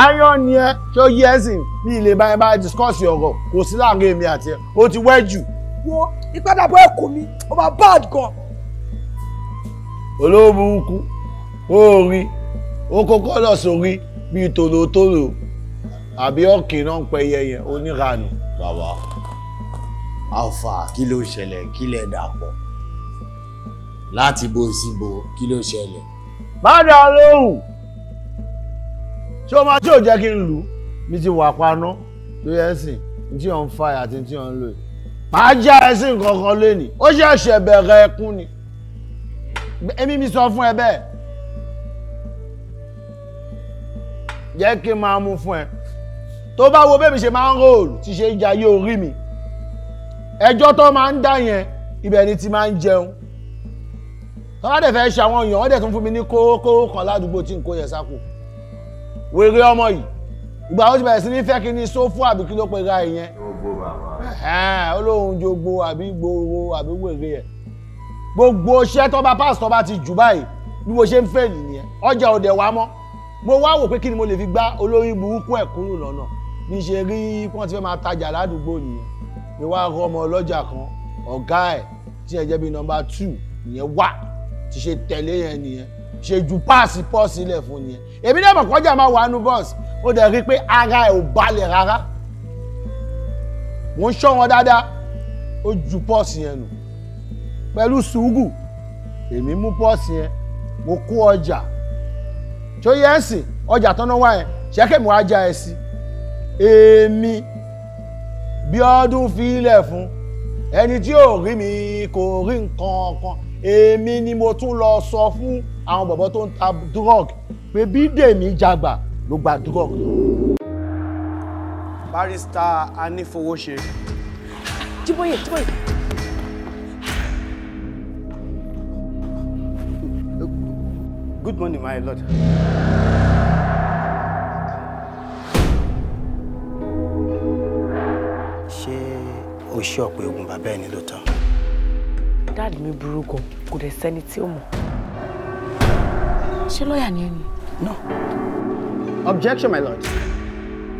ayọ̀ ni ẹ ṣó yí ẹ ní ilé báyìí bá discuss ọ̀rọ̀ kò sí láàrin èmi àti ẹ ó ti wẹ́ jù. wo ìpadàbọ̀ ẹ̀kọ́ mi ó máa bad gan olówó burúkú orin ó kọ́kọ́ lọ sórí bíi tòlótòló àbí ọ̀kìn náà ń pẹ yẹyẹ oníranù. bàbá alfa kí ló ṣẹlẹ̀ kí lẹ̀ dàpọ̀ láti bo ìsìnbò kí ló ṣẹlẹ̀. má dá lóhùn ṣé o máa tí ò jẹ́ kí n lù ú mi ti wà paná ló yẹ sìn ní tí ò ń fa àti ní tí ò ń lò yìí. màá já ẹ sí nǹkan kan lónìí ó ṣẹ̀ṣẹ̀ bẹ̀rẹ̀ ẹkún ni èmi mi sọ fún ẹ bẹ́ẹ̀ jẹ́ kí n máa mú fún ẹ tó bá wo bẹ́ẹ̀ mi ṣe máa ń róòlù ti ṣe ń jayé orí mi ẹjọ́ tó máa ń dá yẹn ibẹ̀ ni ti máa ń jẹun tọ́lá dẹ̀ fẹ́ ṣe àwọn èèyàn wọ́n dẹ̀ tún fún mi ní kóró kan ládùúgbò tí n kó yẹ sáko wèrè ọmọ yìí ìgbà ó ti bẹ̀rẹ̀ sí ní fẹ́ kí ni sófò àbí kí ló pe ra ìyẹn ó lóun jogbo àbí gbowó àbí wèrè ẹ̀ gbogbo iṣẹ́ tó bá pásítọ̀ bá ti jù báyìí bí mo ṣe ń fẹ́ nìyẹn ọjà òde wa mọ́ mo wá wò pé kí ni mo lè fi gbá olórí burúkú ẹ̀ kúrò lọ́nà bí n ṣe rí wọ́n ti fẹ́ máa tajà ládùúgbò nìyẹn mi wá rọ ọmọ ọlọ́jà kan ọ̀gá ẹ̀ tí ẹ jẹ́ bí nọmba two nìyẹn wá ti ṣe tẹ̀lé yẹn nìyẹn ṣe ju páàsì pọ́ọ̀sì lẹ̀ fún nìyẹn èmi náà mọ̀ kọjá máa wà nù bọ́ọ̀sì ó dẹ̀ rí pé ara ẹ̀ ò balẹ̀ rárá mò ń ṣọ́ wọn dáadáa ó ju pọ́ọ̀sì yẹn nù pẹ̀lú sùúrù èmi mú pọ́ọ̀sì yẹn mo kó ọjà tó yẹ ẹ́ sìn ọjà tọ́nà wá yẹn ṣẹ́kẹ̀mí wá já ẹ sí èmi bí ọdún fi ilẹ̀ fún ẹni tí ò rí mi kò rí nǹkan kan èmi ni mo tún lọ sọ fún àwọn bọ̀bọ̀ tó ń ta drug pé bí dèmi jagbà ló gba drug tó. barrister anífowóṣe. jíbóyè jíbóyè. Good morning, my lord. Ṣé o ṣe ọ̀pọ̀ egun bàbá ẹ̀ ní lóòótọ́? Dáàdì mi burú gan, kò dẹ̀ sẹ́ni tí ó mọ̀. Ṣé lọ́ọ̀yà ni ẹni? No. Objection, my lord.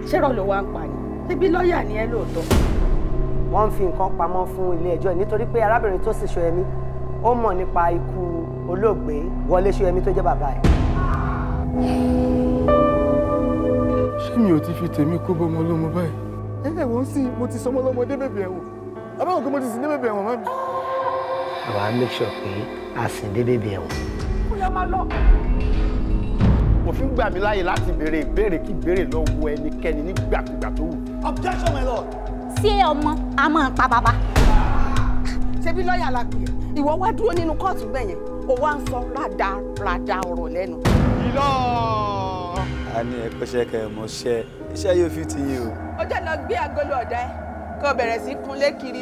Ṣé rọ̀ ló wá ń pa ni? Ṣébí lọ́ọ̀yà ni ẹ lóòótọ́? Wọ́n ń fi nǹkan pamọ́ fún ilé ẹjọ́ nítorí pé arábìnrin tó sì ṣọ ẹ̀mí ó mọ̀ nípa ikú olóògbé Wọlé Ṣóyẹmí tó jẹ́ bàbá ẹ̀. ṣé mi ò ti fi tèmi kó bọ́mọ lọ́mọ báyìí. ẹ ẹ wọ́n sì mo ti sọmọ lọ́mọ dé bèbè ẹ̀wọ̀n kí mo ti sìn dé bèbè mọ́ mi. àwa make sure pé a sìn dé bèbè ẹ̀wọ̀n. ó yá máa lọ. òfin gbà mí láàyè láti béèrè ìbéèrè kí ìbéèrè lọ́wọ́ ẹnikẹ́ni nígbàkúgbà tó wù. objection my lord. sí ọmọ a máa pa bàbá. ṣebí lọ́ọ̀yà la pè é ìwọ wá dúró nínú kóòtù gbẹ̀yẹn o wá ń sọ rádaràda ọ̀rọ̀ lẹ́nu. ìlọ. a ní ẹ kẹ́ ẹ mọ ṣẹ́ iṣẹ́ yóò fi ti yín o. ó jẹ́ lọ gbé agolo ọ̀dà ẹ kó o bẹ̀rẹ̀ sí kunlé kiri.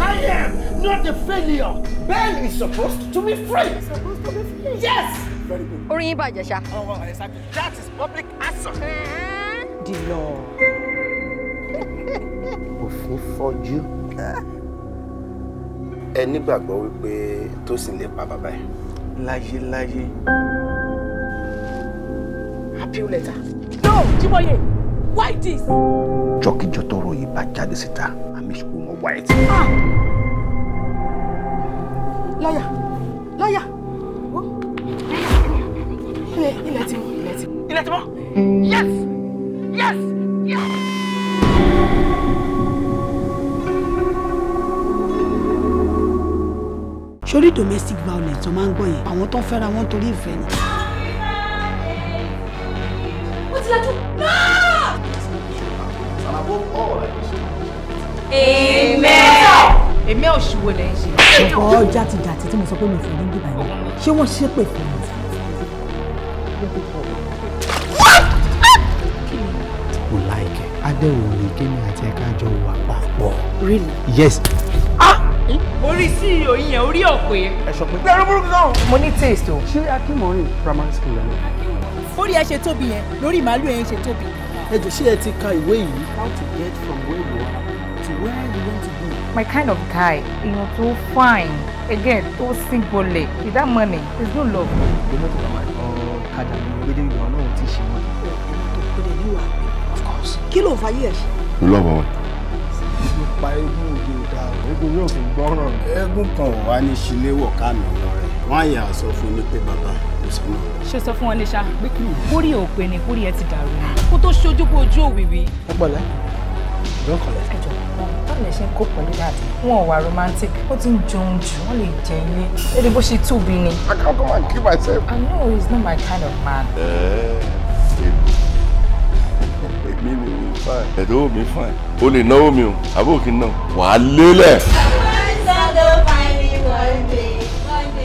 I am not a failure. Ben is supposed to be free. supposed to be free. Yes. Very good. Orin yín bàjẹ́ ṣá. Oh, that is public answer. Uh -huh. The law fi fọ́jú ẹ nígbàgbọ́ wípé tó sì lè pa bàbá ẹ. láyéláyé. appeal letter. no Jiboye why this. jọkíjọ tọrọ yìí bá jáde síta àmì ìṣòro wọn wáyé tí. Ah! lọ́yà. domestic violence tó máa yẹn àwọn tó ń fẹ́ra wọn torí ìfẹ́ ni. ó ti lajú. èmẹ́ lẹ́yìn ṣe. ṣùgbọ́n ọjà ti dàtí tí mo sọ pé mi ò fẹ́ ní bíbá ṣé wọ́n ṣépè fún mi. mo láìkẹ́ adẹ́wò ni àti ẹ̀ka jọ wà papọ̀. Really? Yes orí CEO yẹn orí ọ̀pẹ. ẹ sọ pé. bẹ́ẹ̀ burúkú náà. mo ní taste o. ṣé akínmọ̀rin primary school yẹn. orí ẹ ṣe tóbi yẹn lórí màálù ẹ ṣe tóbi. ẹ jọ ṣé ẹ ti ka ìwé yìí. how to get from where you are to where you want to be. my kind of guy èèyàn tó fine again tó sígbọlẹ̀ without money is no love. ìgbẹ́ mọ́tò bàbá ọ̀kadà ni gbẹ́dẹ́ ìwà náà ti ṣe mọ́tò. ọ̀pẹ̀ mọ́tò kọ́dẹ̀ yóò wà of course kí ló ń fa yí lọ́wọ́ pa eégún òde òdà eégún yóò fi gbọ́ràn. eégún kan ò ní ṣíléwọ̀ káàmì ọ̀rọ̀ rẹ̀ wọ́n àyà sọ fún mi pé bàbá kò sọ náà. ṣe sọ fún wọn ní ṣá pé kórìí ò ni kórìí ẹ ti dàrú kó tó ṣojú kó ojú òwìwí. ẹ pẹ̀lẹ́ ìdókòlẹ. ẹjọ báwo lè ṣe ń kó pẹ̀lú dáadé wọn ò wà romantic ó ti ń jọun jù wọn lè jẹ ilé lórí bó ṣe tóbi ni. I can't come and kill myself. I know he's not my kind of man. Uh èmi ni mi fine ẹ̀dọ́wò mi fine o lè náwó mi o àbókí náà wàá lélẹ̀.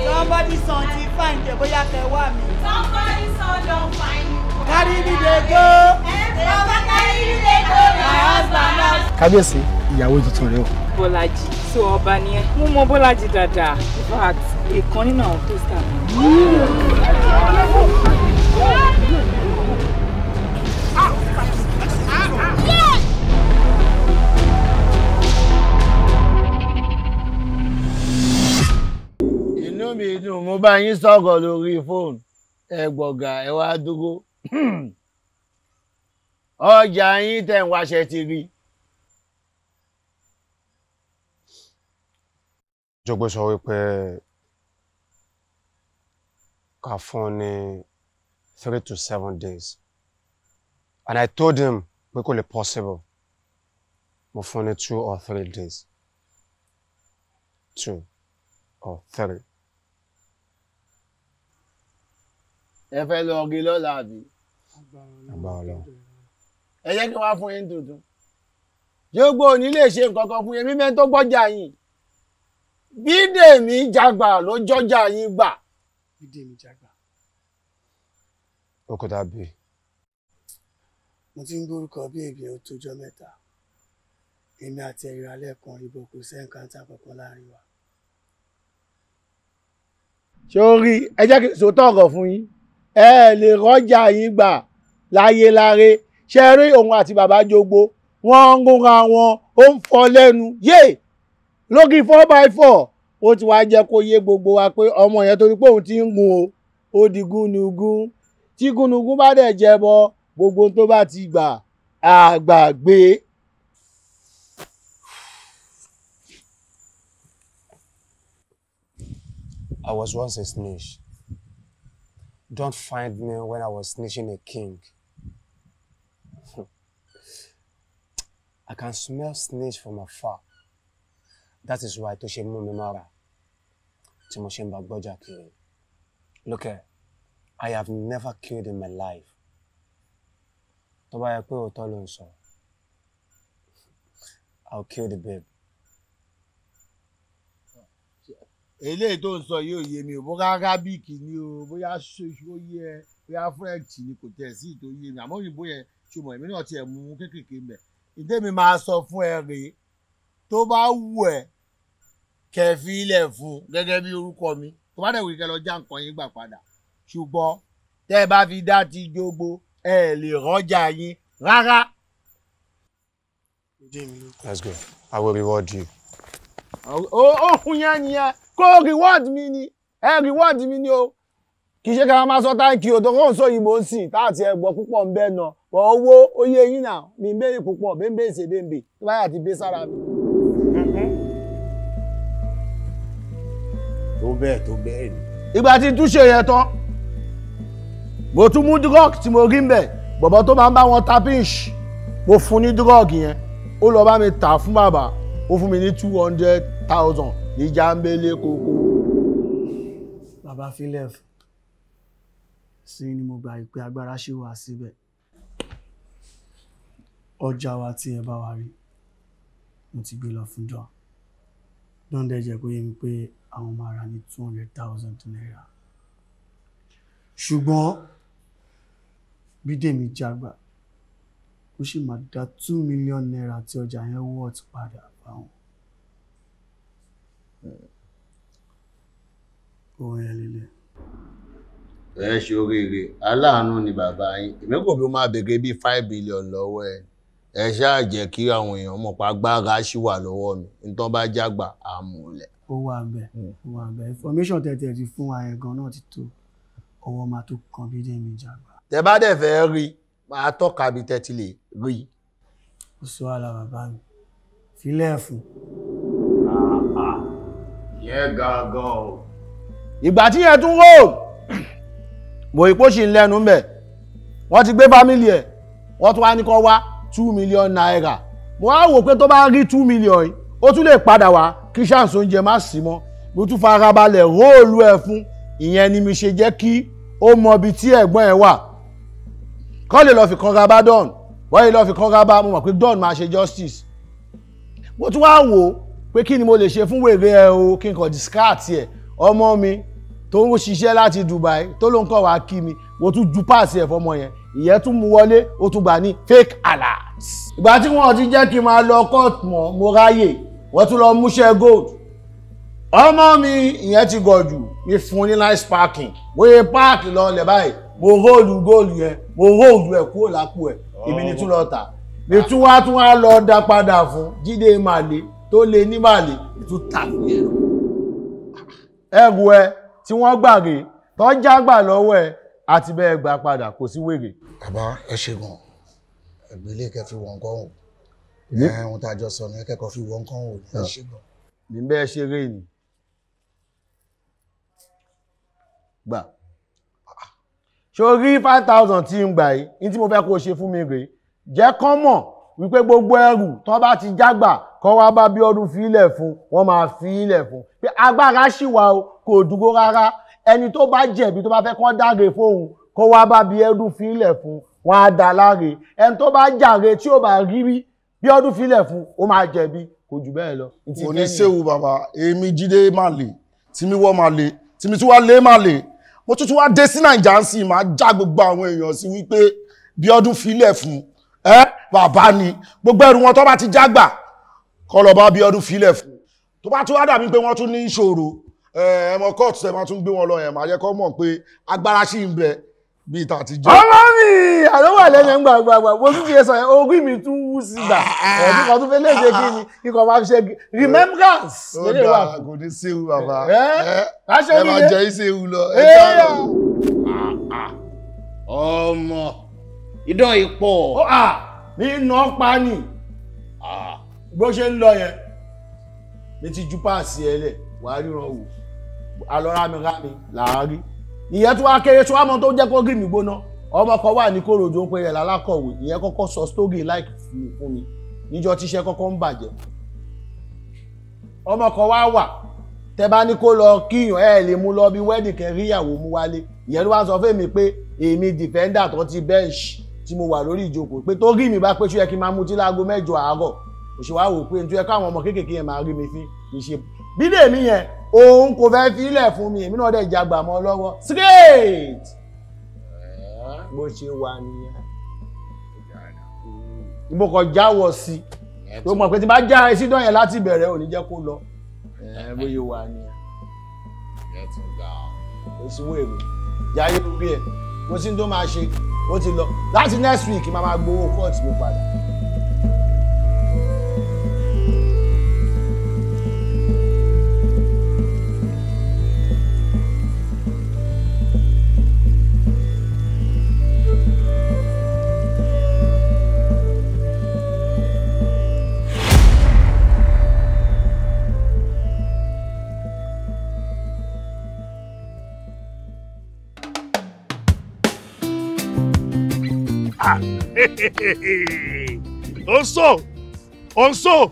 somebody son ti fine jẹ bóyá kẹ wá mi. somebody son don fine you. carry me dey go. ẹ bá carry me dey go my husband house. kábíyèsí ìyàwó tuntun rẹ o. bọ́lájì tó ọba ni ẹ mo mọ bọ́lájì dáadáa in fact èèkan nínú àwọn tó sà mi dùn mo bá yín sọ̀rọ̀ lórí fóònù ẹ gbọ̀gà ẹ wá dúró [CLEARS THROAT] ọjà yín tẹ̀ ń wáṣẹ ti rí. jọgbọ́n sọ wípé ká fún ní three to seven days and I told him pé kò lè possible mo fún ní two or three days two or three. ẹ fẹ́ lọ rí lọ́la àbí. ẹ jẹ́ kí wọ́n fún yín tuntun. yóògbó òní lè ṣe nǹkan kan fún yín mímẹ́ tó gbọ́jà yín. bídèmí jagbà ló jọjà yín gbà. bídèmí jagbà. ó kò dàbí. mo ti ń gbórúkọ bí èbí ó tójọ́ mẹ́ta èmi àti ẹ̀rọ alẹ́ kan ìbò kò sẹ́ńkántà kankan láàrin wa. ṣé ó ẹ jẹ́ kí n sòótọ́ ọ̀rọ̀ fún yín ẹ lè rọ́jà yín gbà láyé láre ṣe rí òun àti bàbá jogbo wọ́n ń gúnra wọn ó ń fọ́ lẹ́nu yéè lókì four by four ó ti wá jẹ́ kó yé gbogbo wa pé ọmọ yẹn torí pé òun ti ń gun o ó di gúnugún tí gúnugún bá dẹ̀ jẹ bọ gbogbo tó bá ti gbà àgbàgbé. I was once a snitch. Don't find me when I was snitching a king. [LAUGHS] I can smell snitch from afar. That is why tó ṣe mú mi mára tí mo ṣe ń Look here, I have never killed in my life. Tó bá yẹ pé òótọ́ ló I'll kill the babe. eléyìí tó ń sọ yìí ò yé mi ò bóyá arabic ni o bóyá ṣoṣo ẹ bóyá french ni kò tẹ̀ sí ìtò yé mi àmọ́ òyìnbó yẹn ṣùgbọ́n èmi náà tiẹ̀ mú un kéékèèké mẹ́ ìdẹ́mi máa sọ fún ẹ rèé tó bá wù ẹ kẹfì ilẹ̀ fún gẹ́gẹ́ bí orúkọ mi tó bá dẹ̀wò kẹ já nǹkan yín gbà padà ṣùgbọ́n tẹ́ ẹ bá fi dá ti jogbo ẹ lè rọ́jà yín rárá. I will reward you. ó hun yẹn nìyẹn kó reward mi ni ẹ reward mi ni o kì í ṣe ká máa sọ thank you tó kó ń sọ yìí mò ń sìn táàtì ẹgbọ púpọ̀ ń bẹ́ẹ̀ nà wọ owó oyè yín náà mi ń béèrè púpọ̀ bẹ́ẹ̀ ṣe bẹ́ẹ̀ tó bá ti bẹ́ sára mi. Mm-hmm. tó bẹ́ẹ̀ tó bẹ́ẹ̀ ni. ìgbà tí túṣe yẹn tán mo tún mú drug tí mo rí ń bẹ̀ bọ̀bọ̀ tó máa ń bá wọn ta pinch mo fún ní drug yẹn ó lọ bá mi tà fún bàbá ó fún mi ní two hundred thousand ìjàmbélé kòkó. bàbá philip sí ni mo gbà ìpè agbára ṣì wà síbẹ̀ ọjà wa tí ẹ bá wa rí mo ti gbé lọ fún john john dẹ̀ jẹ́ kó pé àwọn máa ra ní two hundred thousand naira ṣùgbọ́n bídèmí jágbà ó sì máa dá two million naira tí ọjà yẹn wọ́ọ̀tì padà fáwọn orin ẹlẹ́lẹ́ ẹ ṣe oríire aláàánú ni bàbá yín èmi kò bí ó máa bèèrè bíi five billion lọ́wọ́ ẹ ẹ ṣáà jẹ́ kí àwọn èèyàn mọ̀ pa agbára ṣì wà lọ́wọ́ mi nítorí bá jágbà àmúlẹ̀. ó wà bẹ́ẹ̀ hmm. ó wà bẹ́ẹ̀ information tẹ̀tẹ̀ ti fún wa yẹn gan-an ti tó ọwọ́ máa tó kàn bí dé mi jágbà. tẹ bá dẹ̀ fẹ́ rí máa tọ́ka bí tẹ́tí lè rí. ó sọ àlà bàbá mi sílẹ̀ fún. Ah, ah yẹn gangan o. ìgbà tí yẹn tún wò wò ìpò sì ń lẹ́nu mbẹ̀ wọ́n ti gbé fámìlì ẹ̀ wọ́n tún wá ní kó wá two million naira mo wá wò pé tó bá rí two million yìí ó tún lè padà wá kí ṣàǹsó oúnjẹ má sí mọ́ mo tún farabalẹ̀ róòlù ẹ̀ fún ìyẹn ni mi ṣe jẹ́ kí ó mọ ibi tí ẹ̀gbọ́n ẹ̀ wà kọ́ lè lọ́ọ́ fi kanra bá don wọ́n lè lọ́ọ́ fi kanra bá mo mọ̀ pé don máa ṣe justice mo tún wá wò ó pé kí ni mo lè ṣe fún wèrè ẹ o kí n kàn discard ẹ ọmọ mi tó ń ṣiṣẹ́ láti Dubai tó ló ń kọ̀ wá kí mi mo tún ju páàsì ẹ̀ fọmọ yẹn ìyẹn tún mu wọlé ó tún gbà ní fake alert. ìgbà tí wọn ti jẹ́ kí n máa lọ court mọ́ mo ráyè wọ́n tún lọ múṣẹ́ gold ọmọ mi ìyẹn ti gọ̀ jù mi fún ní nice parking bóyá páàkì lọ lẹ̀ báyìí mo hóòlù góòlù yẹn mo hóòlù ẹ̀ kúrò lápò ẹ̀ èmi ni tún lọ tà mi tún wá tún wá lọ dá padà fún Jídé Màlé tó lè níbàlè ètò tàbí ẹ̀rù ẹ̀rù ẹ tí wọ́n gbàgbé tó já gbà lọ́wọ́ ẹ àti bẹ́ẹ̀ gbà padà kò sí wèrè. bàbá ẹ ṣe mọ ẹgbẹ ilé kẹfì wọn kọ wò ẹhun tá a jọ sọ ní kẹkọọ fi wọn kọ wò ẹ ṣe mọ. ní bẹ́ẹ̀ ṣe rè ní. gbà ṣorí five thousand tí ń gbà yìí ní tí mo fẹ́ kó o ṣe fún mi rèé jẹ́ kán mọ̀ wípé gbogbo ẹrù tó bá ti jágbà kọ́ wá bá bí ọdún fi ilẹ̀ fún wọ́n máa fi ilẹ̀ fún pé agbára ṣì wà o kò dúró rárá ẹni tó bá jẹ̀bi tó bá fẹ́ kọ́ dáre fóun kó wá bá bí ọdún fi ilẹ̀ fún wọn á dá láre ẹni tó bá jàre tí ò bá rí rí bí ọdún fi ilẹ̀ fún ó máa jẹ̀bi kò jù bẹ́ẹ̀ lọ. kò ní séwu bàbá èmi jíde máa lè tìmí wọ́ máa lè tìmí tí wàá lé máa lè mo tuntun wá dé sí nàìjà ń sìn máa já gbogbo àwọn èèyàn sí wípé bí ọdún fi ilẹ̀ fún ẹ́ bàbá ni gbogbo ẹrù wọn tó bá ti jágbà kọ́ lọ bá bí ọdún filẹ̀ fún tó bá tún wádà pé wọ́n tún ní ìṣòro ẹ̀mọ court ẹ̀ tún gbé wọn lọ ẹ̀ máa mọ̀ pé agbára sì ń bẹ bí ìta àtijọ́. ọmọ mi àlọ́wà lẹ́yìn gbàgbàgbà mo tún fi ẹsẹ̀ ogún mi tún wú sí gbà ẹ̀dùn tún fẹ́ léṣe kí ni ikọ̀ máa fi ṣe remembrance lórí wa. kò ní séwu bàbá ẹ máa jẹ́ ìséwu lọ ẹ sáà ah, ah. ọmọ idán ipò. mi nà pa ni bó ṣe ń lọ yẹn mi ti ju páàsì ẹ lẹ wàá ríran wò alọ́rámirámi làá rí ìyẹn tó wá kéré tó wá mọ tó jẹ́ kó gírì mi gbóná ọmọ kan wà ní kòròdú ó ń pèrè lálákọ̀wé ìyẹn kọ́kọ́ sọ sítórì láìkì fún mi níjọ́ tíṣẹ́ kọ́kọ́ ń bàjẹ́ ọmọ kan wá wà tẹ bá ní kó lọ kíyàn ẹ lè mú lọ bí wẹ́ẹ̀dì kẹríyàwó mú wálé ìyẹn ló wá sọ fún mi pé èmi dìfẹ́ndà tó ti bẹ́ǹṣì tí mo wà lórí ìjókòó pé tó rí mi bá pé tó yẹ kí n máa mutí láago mẹ́jọ àárọ̀ òṣèwà wò pé tó yẹ káwọn ọmọ kéékèèké yẹn máa rí mi fi kì í ṣe bídè mi yẹn òun kò fẹ́ fi ilẹ̀ fún mi èmi náà dẹ̀ jagbà mọ́ lọ́wọ́ straight bó ṣe wà nìyẹn mo kàn jáwọ́ sí tó mọ̀ pé tí bá já ẹ sídán yẹn láti bẹ̀rẹ̀ ò ní jẹ́ kó lọ bó ṣe wà nìyẹn èsì wo èrò jáyé lórí ẹ kó sí ní tó máa ṣe ó ti lọ láti next week màá máa gbowó court mi padà. [LAUGHS] ó ń sọ ó ń sọ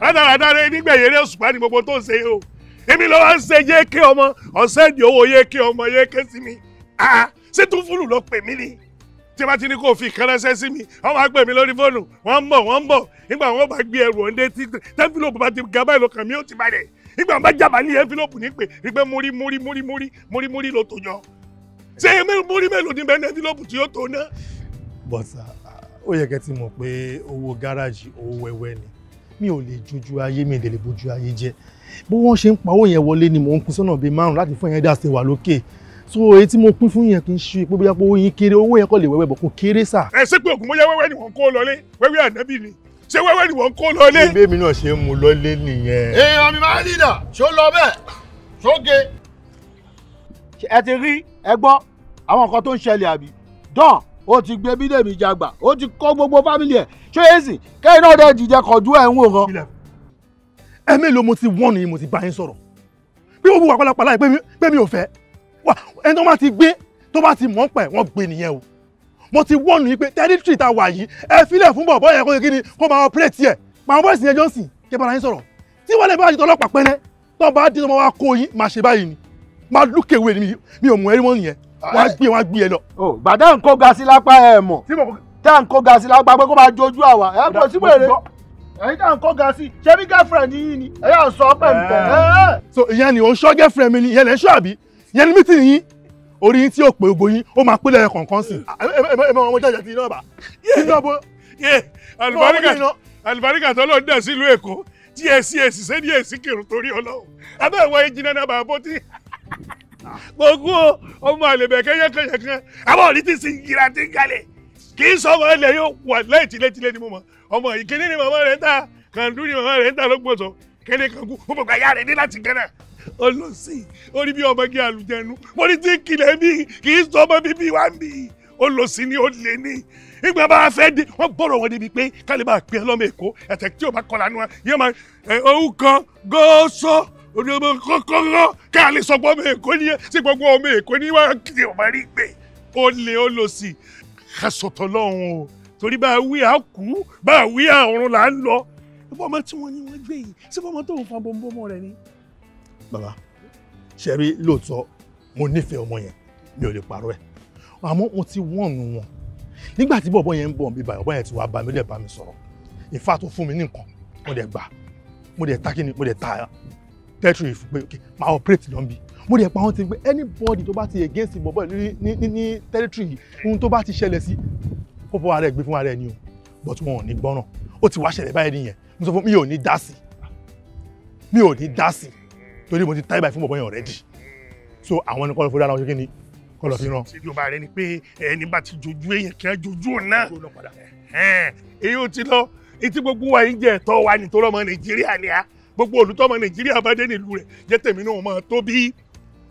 rádaràdá rẹ nígbẹ̀yẹ rẹ òṣùpá ni gbogbo tó ń ṣe o èmi lọ́wọ́ ń ṣe yéèké ọmọ ọ̀sẹ́ di owó yéèké ọmọ yéèké sí mi ṣé tún fúlù ló pè mí ni tí bá ti ní kó fi ìkan ránṣẹ́ sí mi wọ́n máa gbé mi lórí fóònù wọ́n ń bọ̀ wọ́n ń bọ̀ nígbà wọn bá gbé ẹrù ọ̀ndẹ́ tí tẹ́ńfìlòpù bá ti ga báyìí lọ́kàn mi ó ti balẹ̀ nígbà wọn bá jábà ní ẹ́ńfìlòpù ní pé rí pé múrí múrí múrí múrí múrí múrí ló tó yọ ṣé múrí mélòó ní bẹ́ẹ̀ ní ẹ́ńfìlòpù tí ó tó náà but uh, uh, ó yẹ kẹ́ ti mọ̀ pé owó gáràjì owó wẹ́wẹ́ ni mi ò lè jojú ayé mi ìdèlè bojú ayé jẹ́ bó wọ́n ṣe ń pa yẹn wọlé ni mò ń kún sọ́nà bíi márùn láti fún yẹn dá ṣe wà lókè so èyí tí mo pín fún yẹn kì í ṣe pé bóyá owó yín kéré owó yẹn kò lè wẹ́wẹ́ bọ̀ kò kéré sà. ẹ ṣé pé ògùn bóyá wẹ́wẹ́ ni wọ́n kó lọlé wẹ́wẹ́ ànábì ni ṣé wẹ́wẹ́ ni wọ́n kó lọlé. bébè mi náà ṣe ń mu lọlé nìyẹn. èèyàn mi máa ń dìdà ṣó lọ bẹ́ẹ̀ ṣó ẹ ti rí ẹ àwọn nǹkan tó ń ṣẹlẹ̀ àbí dán ó ti gbé bídèmí jagbà ó ti kọ́ gbogbo fámìlì ẹ̀ ṣé é sì kẹ́yìn náà dẹ̀ jìjẹ kọjú ẹ̀ ń wò kan. ẹ̀mí ló mo ti wọ́n ni mo ti bá yín sọ̀rọ̀ bí wọ́n bu wà pálapàla yìí pé mi ò fẹ́ wà ẹni tó bá ti gbé tó bá ti mọ̀ ń pẹ̀ wọ́n gbé nìyẹn o mo ti wọ́n ni pé tẹ́rítírì ta wà yìí ẹ filẹ̀ fún bọ̀bọ̀ yẹn kó kí ni kó máa ọpẹ́rẹ́tì ẹ̀ màá bọ́ ìsìn ẹjọ́ sìn kí ẹ bára yín sọ̀rọ̀ tí wọ́n lè bá àjọyọ̀ ọlọ́pàá pẹ́rẹ́ tó bá dín ọmọ wa kó yín máa ṣe báyìí ni máa lùkèwé mi ò mú ẹrí wọn nìyẹn wọ́n á gbé wọ́n á gbé ẹ lọ. gbàdá nǹkan ga sí lápá ẹ mọ̀ tá nǹkan ga sí lápá pé kó máa jojú àwa ẹ kò sí wèrè ẹ̀yin tá nǹkan ga sí ṣé bí girlfriend yín ni ẹ yà sọ pẹ̀lú pẹ̀lú. so ìyẹn ni òun ṣọ́ girlfriend mi ni ìyẹn lẹ́ ṣọ́ àbí ìyẹn ni mítìnì yín orí yín tí yóò pé ogo yín ó máa pélé kọ̀ọ̀kan sí. ẹ mọ ọmọ jẹjẹ ti iná bá. iná bó ti gbogbo ọmọ àlèbẹ̀ kẹ́yẹ́kẹ́yẹ́kẹ́ àwọn òní ti sin ìgira tí ń kalẹ̀ kì í sọ ọmọ ilẹ̀ yóò wà lẹ́yìn tilétilé ni mo mọ̀ ọmọ ìkíní ni màmá rẹ̀ ń ta kàndú ni màmá rẹ̀ ń ta lọ́gbọ̀sọ̀ kéde kankú ó bọ̀ gbàyà rẹ̀ ní láti gánà olùsí orí bí ọmọge àlùjẹnu mo ní mi kì í sọ bíbí wa mi olùsí ni ó lè ní ìgbà bá a fẹ́ dé wọ́n gbọ́dọ̀ wọn débi pé kálí bá a pè é lọ́mọ èkó ẹ̀tẹ̀ tí ò bá kọ́ lánàá yẹ́n máa ẹ̀ òun kan góòsó onímọ̀ kọ́kọ́rọ́ ká lè sọ pé ọmọ èkó ní sí gbogbo ọmọ èkó ní wàá kí ọmọ rí gbé ó lè ó lọ sí ká sọ̀tọ̀ lọ́hùn o torí bá a wí à kú bá a wí à ọ̀run là ń lọ ẹgbẹ́ ọmọ tí wọ́n ní wọ́n gbé yìí sí fọmọ tó ń fa bọ́m̀bọ́mọ́ rẹ ni. bàbá ṣẹ́rí lóòótọ́ mo nífẹ̀ẹ́ ọmọ yẹn mi ò lè pààrọ̀ ẹ̀ àmọ́ mo ti wọ́ọ̀nù wọn nígbà tí bọ̀bọ̀ yẹn ń bọ̀ bíbá ọ̀bọ̀ yẹn ti wá bá mi lẹ̀ bá mi sọ̀rọ̀ ìfà tó fún mi ní nǹkan mo dẹ̀ territory fún pé ok máa operate lọ́n bí mo dẹ̀ pa wọ́n ti pé anybody tó bá ti against bọ̀bọ̀ ní ní ní territory yìí ohun tó bá ti ṣẹlẹ̀ sí kó fọwọ́ ara ẹ̀ gbé fún ara ẹ̀ ni o but wọn ò ní gbọ́ràn ó ti wá ṣẹlẹ̀ báyìí nìyẹn mo sọ fún mi ò ní dá sí mi ò ní dá sí torí mo ti táyì báyìí fún bọ̀bọ̀ yẹn already so àwọn ẹni kọ́ lọ fún dáná wọn ṣe kí ni kọ́ lọ fi ràn. ṣé yorùbá rẹ ni pé ẹni bá ti jojú èèyàn kí á jojú òun náà èyí ò ti lọ etí gbogbo wa yìí jẹ ẹ̀tọ́ wa nítorí ọmọ nàìjíríà ni a gbogbo olùtọ́mọ nàìjíríà bá dé nílùú rẹ̀ jẹ́ tèmi náà máa tó bí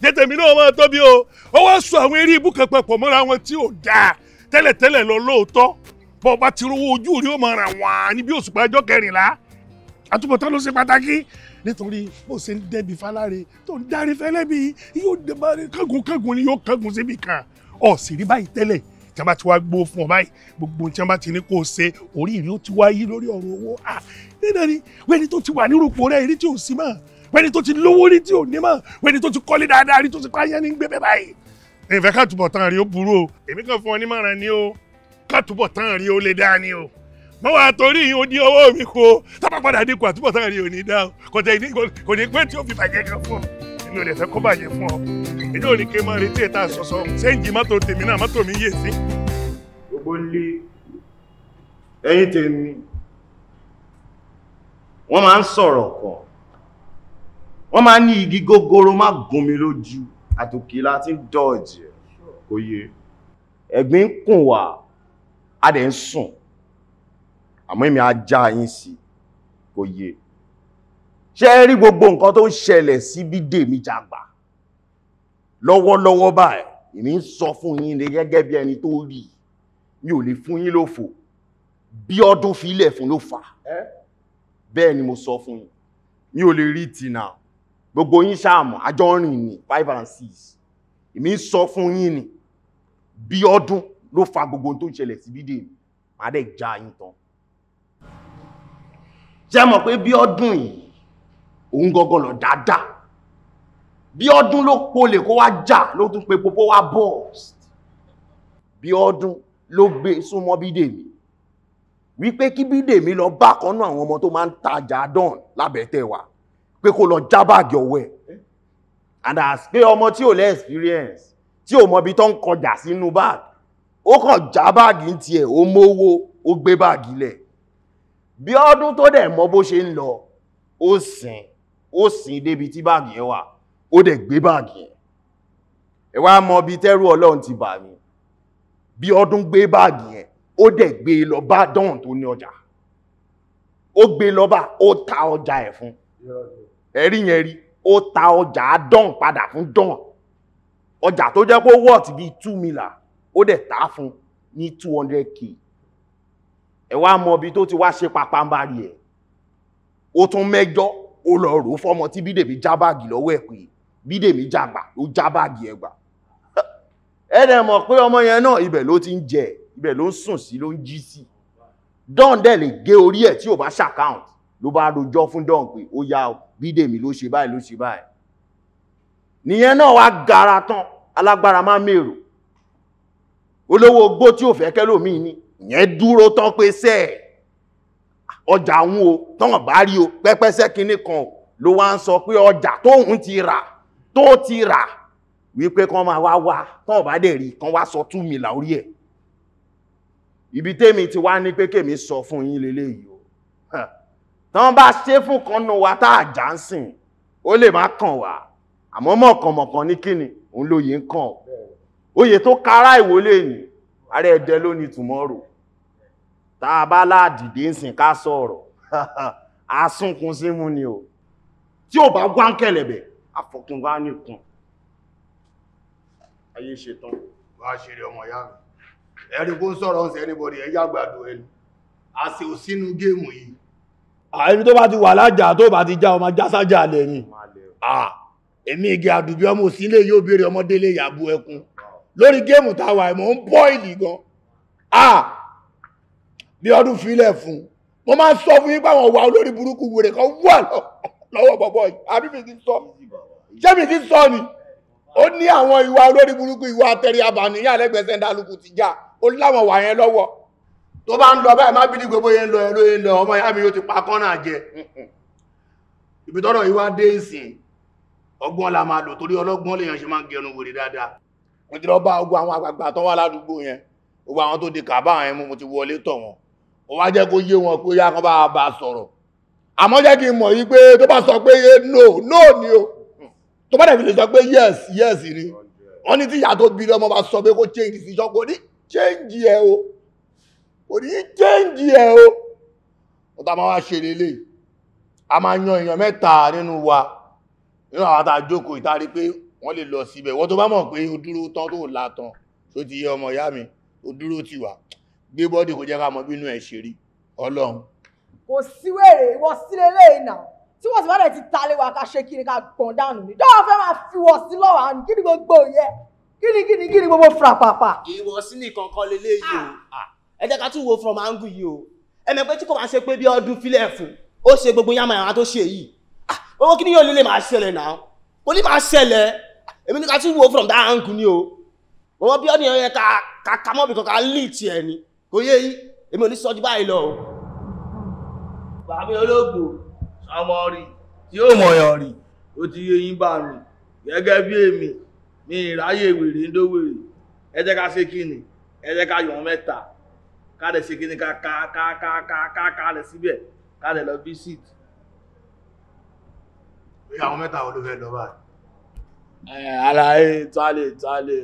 jẹ́ tèmi náà máa tó bí o ó wá sọ àwọn eré ibú kan papọ̀ mọ́ra wọn tí ò dáa tẹ́lẹ̀tẹ́lẹ̀ lọ lóòótọ́ bọ́ ọba ti rówó ojú rí ó máa rà wọ́n níbi òṣùpá ọjọ́ kẹrìnlá àtúbọ̀tán ló ṣe pàtàkì nítorí bó ṣe ń dẹ́bi fáláre tó ń darí fẹ́lẹ́ bí yóò dẹ́bi kángun kángun ni yóò kángun síbi kan ọ̀ sì rí báyìí tẹ́lẹ̀ tí wọ́n bá ti wá gbó fún ọ báyìí gbogbo tí wọ́n bá ti ní kó o ṣe orí ìrìn ó ti wá yí lórí ọ̀rọ̀ owó à dandan ni wẹ́ni tó ti wà ní rúpò rẹ̀ rí tí ò sí mọ́ wẹ́ni tó ti lówó rí tí ò ní mọ́ wẹ́ni tó ti kọ́lé dáadáa rí tó ti pààyàn ní gbé bẹ́ẹ̀ báyìí. ìfẹ́ kàtúbọ̀ tán rí ó burú o èmi kàn fún ọ nímọ̀ràn ni o kàtúbọ̀ tán rí ó lè dáa ni o mọ wà torí yìí ó di owó mi kó tábà padà dínkù àtúbọ̀tán rí òní dá kò ní pẹ́ tí ó fi bàjẹ́ kan fún ọ mi ò lè fẹ́ kó bàjẹ́ fún ọ èyí ò ní kí máa retí ètà àsọsọ ṣéǹjì mọ́tò tèmi náà mọ́tò mi yé sí. gbogbo lé ẹ̀yin tèmi wọ́n máa ń sọ̀rọ̀ kan wọ́n máa ń ní igi gógóró má gún mi lójú àtòkè láti ń dọ̀ọ̀jì kò yé ẹ̀gbin kùn wá a dẹ̀ ń sùn àmọ́ èmi á yín sí kò yé ṣe rí gbogbo nǹkan tó ń ṣẹlẹ̀ sí Bídèmí Jàgbà lọ́wọ́lọ́wọ́ báyìí èmi sọ fún yín ní gẹ́gẹ́ bí ẹni tó rí mi ò lè fún yín lófò bí ọdún fi ilẹ̀ fún ló fà bẹ́ẹ̀ ni mo sọ fún yín mi ò lè rí ti náà gbogbo yín ṣáàmù àjọrìn ní five and six èmi ń sọ fún yín ni bí ọdún ló fa gbogbo tó ń ṣẹlẹ̀ sí Bídèmí má dẹ̀ já yín tán ṣé mọ̀ pé bí ọdún yìí òun gọ́gọ́ lọ dáadáa bí ọdún ló polè kó wá jà ló tún pe popo wá bọ́ọ̀s bí ọdún ló gbé súnmọ́ bídèmí wípé kí bídèmí lọ bá kan náà àwọn ọmọ tó máa ń tajà dán lábẹ́tẹ̀ wa pé kó lọ já báàgì ọwọ́ ẹ̀ and as pé ọmọ tí ò lẹ́ experience tí ò mọbi tó ń kọjà sínú báàgì ó kàn já báàgì ń tiẹ̀ ó mówó ó gbé báàgì lẹ̀ bí ọdún tó dẹ̀ mọ bó ṣe ń lọ ó sìn ó sin débi tí báàgì yẹn wà ó dẹ̀ gbé báàgì yẹn ẹ wá mọ̀ bí tẹ́rù ọlọ́run ti bà mí bí ọdún gbé báàgì yẹn ó dẹ̀ gbé lọ bá dán tó ní ọjà ó gbé lọ bá ó ta ọjà ẹ̀ fún ẹ̀rí yẹn rí ó ta ọjà dán padà fún dán ọjà tó jẹ́ pé wọ́ọ̀t bíi two miller ó dẹ̀ ta fún ní two hundred k ẹ wá mọ̀ bí tó ti wá ṣe pàpàǹbarì ẹ̀ ó tún mẹ́jọ́ ó lọ rò fọ́mọ tí bídèmí já báàgì lọ́wọ́ ẹ̀ pé bídèmí jàgbà ló já báàgì ẹgbà ẹ̀rẹ̀ mọ̀ pé ọmọ yẹn náà ibẹ̀ ló ti ń jẹ ibẹ̀ ló ń sùn sí ló ń jí sí don dẹ̀ lè gé orí ẹ̀ tí ò bá ṣàkáùnt ló bá rojọ́ fún don pé ó yá bídèmí ló ṣe báyìí ló ṣe báyìí nìyẹn náà wá gara tán alágbára máa mèrò olówó ogbó tí ò fẹ́ kẹ́lòmíì ni ìyẹn dúró tán pé sẹ́ẹ̀ ọjà àwọn o tán bá rí o pẹ́pẹ́sẹ́ kinní kan ló wá ń sọ pé ọjà tóun ti rà tó ti rà wípé kan máa wá wá tán bá dẹ̀ rí kan wá sọ tú mi là orí ẹ̀ ibi tèmi ti wá ní pé kèmi sọ fún yín lélẹ́yìí o tán bá ṣe fún kan nù wá tá àjà ń sìn ó lè má kàn wá àmọ́ mọ̀kànmọ̀kàn ní kíni òun lóye ń kàn oyè tó kára ìwọlé ni ààrẹ ẹ̀dẹ́ lónìí tomorrow tá a bá láàdìdé ń sìn ká sọ̀rọ̀ [LAUGHS] asúnkun sí mú ni o tí ò bá gbá ń kẹ̀lẹ̀bẹ̀ afọ̀kun wá nìkan ayé ṣetán wá ṣeré ọmọ ìyá mi ẹni kó ń sọ̀rọ̀ ọ̀sẹ̀ anybody ẹ yàgbàdo ẹnu a sì ò sínú géèmù yìí àìrí tó bá ti wà lájà tó bá ti já ọmọ jásájà lẹ́yìn èmi igi àdùbí ọmọ òsínlé yóò béèrè ọmọdélé ìyàbú ẹkún lórí géèmù táwà ẹ̀mọ̀ ń bọ́ ìlì gan bí ọdún filẹ̀ fún mo máa ń sọ fún yín pé àwọn wà olórí burúkú wèrè kan wà lọ́wọ́ bọ̀bọ̀ yìí àbí mi ti sọ ṣé mi ti sọ ni ó ní àwọn ìwà olórí burúkú ìwà àtẹ̀rí abàníyàn lẹ́gbẹ̀ẹ́sẹ̀ ńdálùkù ti já ó láwọn wà yẹn lọ́wọ́ tó bá ń lọ báyìí má bídí gbogbo yẹn lọ ẹ lóye lọ ọmọ ìyá mi yóò ti pa kọ́nà jẹ ibi tọ́rọ̀ ìwà dé ìsìn ọgbọ́n la máa lò torí ọlọ́gbọ́n lèèyàn ṣe máa ń gẹnu wèrè dáadáa mo ti lọ bá ogun àwọn àgbààgbà tó wà ládùúgbò yẹn gbogbo àwọn tó di kàbá yẹn mú mo ti wọlé tọ̀ wọn ó wá jẹ́ kó yé wọn pé yá kan bá bá sọ̀rọ̀ àmọ́ jẹ́ kí n mọ̀ yí pé tó bá sọ eh, no no ni o tó bá dẹ̀bi lè sọ pé yes yes ni Oni ní tí ìyá tó bí lọ́mọ bá sọ pé kó change decision kò ni change ẹ o kò ní change ẹ o wọ́n tá máa wá ṣe lélẹ̀ a máa yan èèyàn mẹ́ta nínú wa nínú àwọn tá a jókòó ìtarí pé wọ́n lè lọ síbẹ̀ wọ́n tó bá mọ̀ pé o dúró tán tó la tán tó ti yẹ ọmọ ìyá mi o dúró ti wà gbé bọ́dì kò jẹ́ ká mọ̀ bínú ẹ̀ ṣe rí ọlọ́run. kò sí wèrè ìwọ sílé lẹ́yìn náà tí wọ́n sì bá dẹ̀ ti ta lé wa ká ṣe kí ni ká gbọ̀n dànù ni dọ́wọ́ fẹ́ máa fi wọ̀ sí lọ́wọ́ àánú kí ni gbogbo yẹ kí ni kí ni kí ni gbogbo fura pàpà. ìwọ sí nìkan kan lélẹ̀ yìí o ah. Ah. ẹ jẹ́ ká tún wo from angle yìí o ẹ mọ̀ pé tí kò máa ṣe pé bí ọdún filẹ̀ fún ó ṣe gbogbo yàmà yàrá tó ṣe yìí ah. owó kí ni yóò lè máa ṣẹlẹ̀ náà kò ní máa ṣẹlẹ̀ èmi ní ká tún wo from that angle ni o owó bí ọdún yẹn ká ká mọ́ bìkan ká lì tiẹ̀ ni kò yé yí èmi ò ní sọ́jú báyìí lọ bàbá olóògbò ọmọ rí tí ó mọ̀yàn rí ó ti yé yín bá mi gẹ́gẹ́ bí èmi mi ìráyè wèrè ń dówèrè ẹ jẹ́ ká ṣe kíni ẹ jẹ́ ká yọ̀ mẹ́ta ká lè ṣe kíni ká ká ká ká ká ká ká lè síbẹ̀ ká lè lọ bí sit. ìyá àwọn mẹ́ta wo àlàyé tálẹ̀ tálẹ̀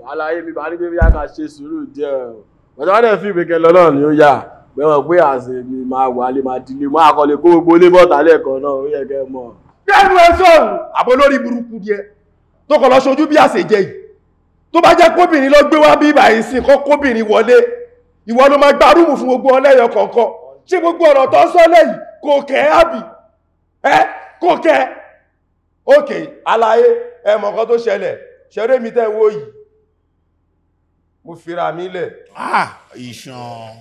o àlàyé mi bá ní pé bí a kà ṣe sùúrù díẹ̀ o bọ̀dọ̀ wọ́n dẹ̀ fi ìgbé kẹlọ náà ni ó yà gbẹ̀wọ̀n pé àṣẹ mi máa wà lè máa dilé máa kọ́ lè kó gbogbo lé bọ́ta lẹ́ẹ̀kan náà ó yẹ kẹ́ mọ̀. bẹ́ẹ̀ni ẹ sọ̀rọ̀ àbọ̀ lórí burúkú díẹ̀ tó kọ̀ lọ ṣojú bí àṣejẹ yìí tó bá jẹ́ kóbìnrin ló gbé wá bí ìbàyìí sí kó kóbìnrin wọlé ìwọ ló máa gba rúùmù fún gbogbo ọlẹ́yọ kọ̀ọ̀kan ṣé gbogbo ọ̀rọ̀ tó sọ lẹ́yìn kò kẹ́ mo fira mi lẹ̀. ah ìṣàn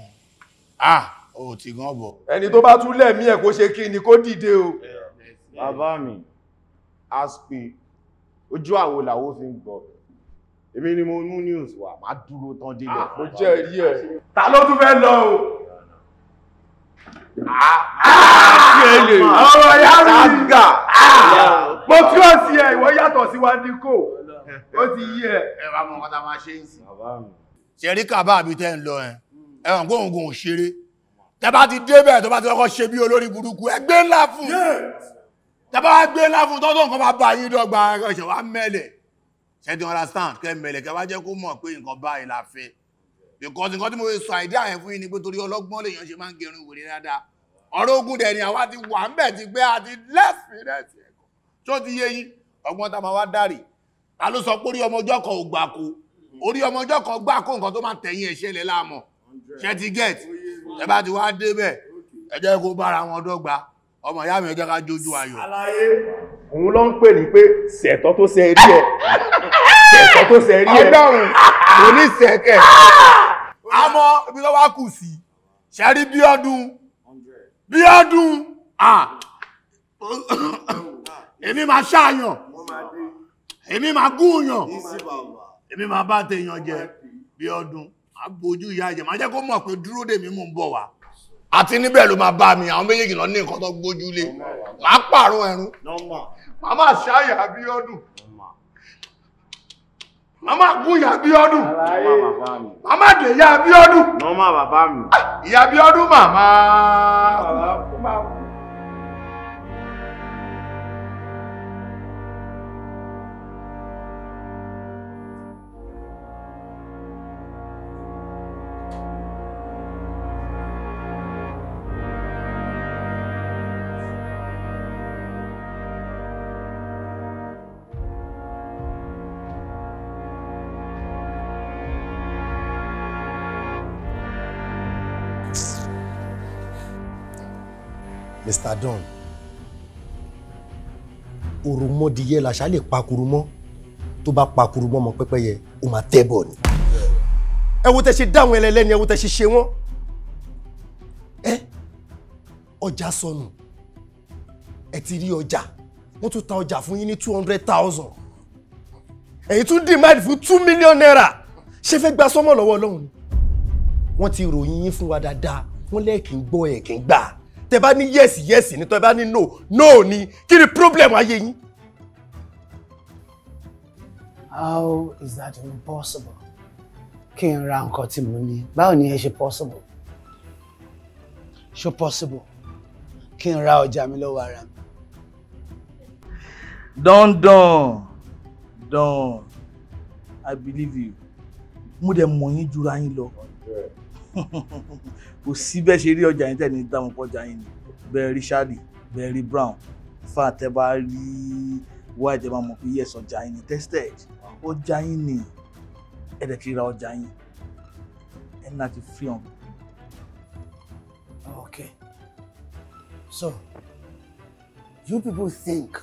ah o ti gan bọ̀. ẹni tó bá tún lẹ̀mí ẹ̀ kó ṣe kí ni kó dìde o. bàbá mi aspi ojú àwo làwo fi ń gbọ́ èmi ni mo mú news wà má dúró tán ah mo jẹ́ rí ẹ̀. ta ló tún fẹ́ lọ o. ah ah ah ah ah ah ah ah ah ah ah ah ah ó ti yí ẹ̀ ẹ̀wà mọ̀ ọ̀tà máa ṣe ń sì ṣe rí kàbá àbí tẹ́ ń lọ ẹ̀ ẹ̀wọ̀n gbóhùngùn òṣèré tẹ́bá ti débẹ̀ tó bá ti kọ́kọ́ ṣe bí olórí burúkú ẹgbẹ́ ńlá fún tẹ́bá wá gbé ńlá fún tọ́tọ́ nǹkan bá bá yín dọ́gba ẹ̀ṣẹ̀ wá mẹ́lẹ̀ ṣe ti understand kẹ́ mẹ́lẹ̀ kẹ́ wá jẹ́ kó mọ̀ pé nǹkan báyìí la fẹ́ because nǹkan tí mo sọ àìdí àyẹ̀ fún yín ni pé torí ọlọ́gbọ́n lèèyàn ṣe máa ń gẹrun ìwòrè dáadáa ọ̀rọ̀ ogun dẹ̀ ni àwa ti wà ń bẹ̀ ti gbé àti lẹ́sìn rẹ̀ sí ẹ̀kọ́ tó ti yé yín ọgbọ́n tá máa wá dárì ta ló sọ pé orí ọmọ ọjọ́ kan ò gbà kó orí ọmọ ọjọ́ kan gbà kó nǹkan tó máa tẹ̀yìn ẹ̀ṣẹ̀ lẹ̀ láàmọ̀ ṣe ti get ẹ bá ti wá débẹ̀ ẹ jẹ́ kó bára wọn dọ́gba ọmọ ìyá mi ẹ jẹ́ ká jójú ayọ̀. òun ló ń pè ní pé sẹ̀tọ́ tó sẹ rí ẹ sẹ̀tọ́ tó sẹ rí ẹ ọlọ́run oníṣẹ̀kẹ̀. àmọ́ ibi tó wá kù sí ṣẹ́rí bí ọdún bí ọdún ah. èmi máa ṣáàyàn èmi máa gúnyàn èmi máa bá tèèyàn jẹ bí ọdún agbójú ìyá jẹ máa jẹ́ kó mọ̀ pé dúró dè mí mú ń bọ̀ wá àti níbẹ̀ ló máa bá mi àwọn méjèèjì lọ ní nǹkan tó gbójú lé máa pààrọ̀ ẹ̀rún màmá ṣáyà bí ọdún màmá gún ìyá bí ọdún màmá dè ìyá bí ọdún ìyá bí ọdún màmá. Mr. Don òròmọdìyẹ làṣà lè pakuru mọ́ tó bá pakuru mọ́ ọmọ pẹ́pẹ́yẹ ó máa tẹ́ bọ̀ ni. ẹ wo tẹ ṣe dáhùn ẹlẹlẹni ẹ wo tẹ ṣe ṣe wọn ẹ ọjà sọnù ẹ ti rí ọjà wọ́n tún ta ọjà fún yín ní two hundred thousand èyí tún demand fún two million naira ṣé fẹ́ gba sọ́mọ̀ lọ́wọ́ ọlọ́run ni wọ́n ti ròyìn yín fún wa dáadáa wọ́n lẹ́ẹ̀kì ń gbọ́ ẹ̀ kì í gbà á tẹ bá ní yẹ́sì yẹ́sì ni tẹ bá ní no no ni kí ni problem ayé yín. how is that impossible? possible? kí n ra nǹkan tí mo ní báwo ni ẹ ṣe possible? ṣó possible kí n ra ọjà mi lọ́wọ́ ara mi. dandan dan i believe you mo dẹ̀ mọ̀ yín jura yín lọ kò sí bẹ́ẹ̀ ṣe rí ọjà yín tẹ̀ ní dáhùn pọ́jà yín ni bẹ́ẹ̀ rí ṣáàdì bẹ́ẹ̀ rí brown fà tẹ́ bá rí wá ìjọba mọ̀ pé yes ọjà yín ni tested ọjà yín ni ẹ̀dẹ̀ ti ra ọjà yín ẹ̀ ní fi hàn. Okay. So, you people think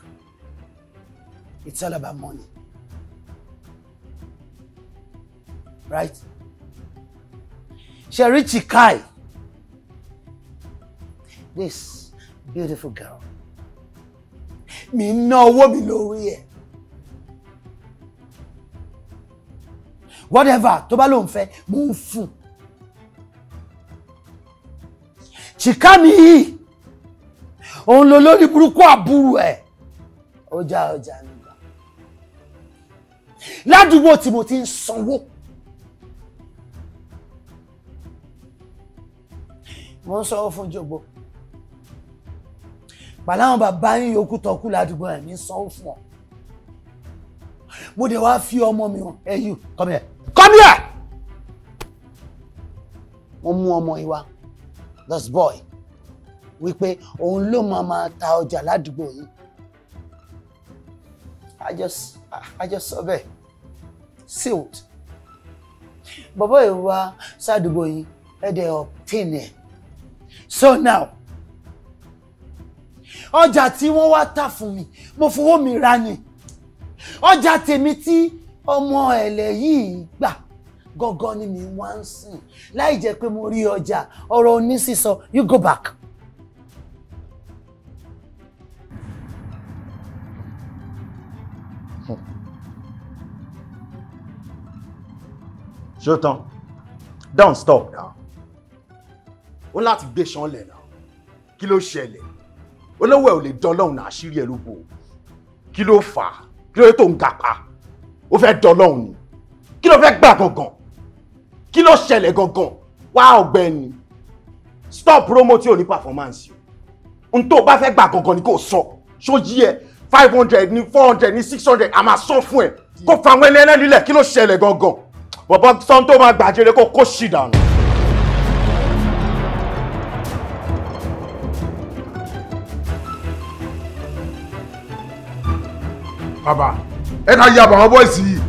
it's all about money, right? Sherry Kai, This beautiful girl. Mi ná owó mi lórí ẹ̀. Whatever tó bá lóun fẹ́, mo ń fún. Chika mi yìí, òun lo lórí burúkú àbúrò ẹ̀. Ọjà ọjà nígbà. Ládùúgbò tí mo ti ń sanwó. mo ń sanwó fún jogbo pàláwọn bàbá yín yòókù tọkù ládùúgbò ẹ̀ ní sanwó fún ọ mo dẹ̀ wá fi ọmọ mi hàn ẹ yù come here come here wọ́n mú ọmọ yìí wá this boy wípé òun ló máa máa ta ọjà ládùúgbò yìí I just I just sọ bẹ́ẹ̀ sealed bàbá ìwà sádùúgbò yìí ẹ̀ dẹ̀ obtain ẹ̀ so now ọjà tí wọ́n wá tà fún mi mo fowó mi ra ni ọjà tèmi tí ọmọ ẹ̀lẹ̀ yìí gbà gọ́gọ́ ni mi wá ń sìn láì jẹ́ pé mo rí ọjà ọ̀rọ̀ onísìsọ you go back. ṣó tán don't stop now ó láti gbé sanlẹ̀ náà kí ló ṣẹlẹ̀ olówó ẹ̀ ò lè dọ́lọ́hùn náà àṣírí ẹ̀ ló bò kí ló fà á kí ló tó ń gàpá ó fẹ́ dọ́lọ́hùn ni kí ló fẹ́ gbà gangan kí ló ṣẹlẹ̀ gangan wá ọ̀gbẹ́ni stop promo tí o ní performance o n tó o bá fẹ́ gbà gangan ni kò sọ ṣó yí ẹ five hundred ni four hundred ni six hundred a máa sọ fún ẹ kó fa àwọn ẹlẹ́rìí lílẹ̀ kí ló ṣẹlẹ̀ gangan bọ̀bọ̀ sọ́n tó máa gbàjẹrẹ kó kó ṣì dànù. bàbá ẹ ká yí àbọ̀ bọ́ìsì yìí.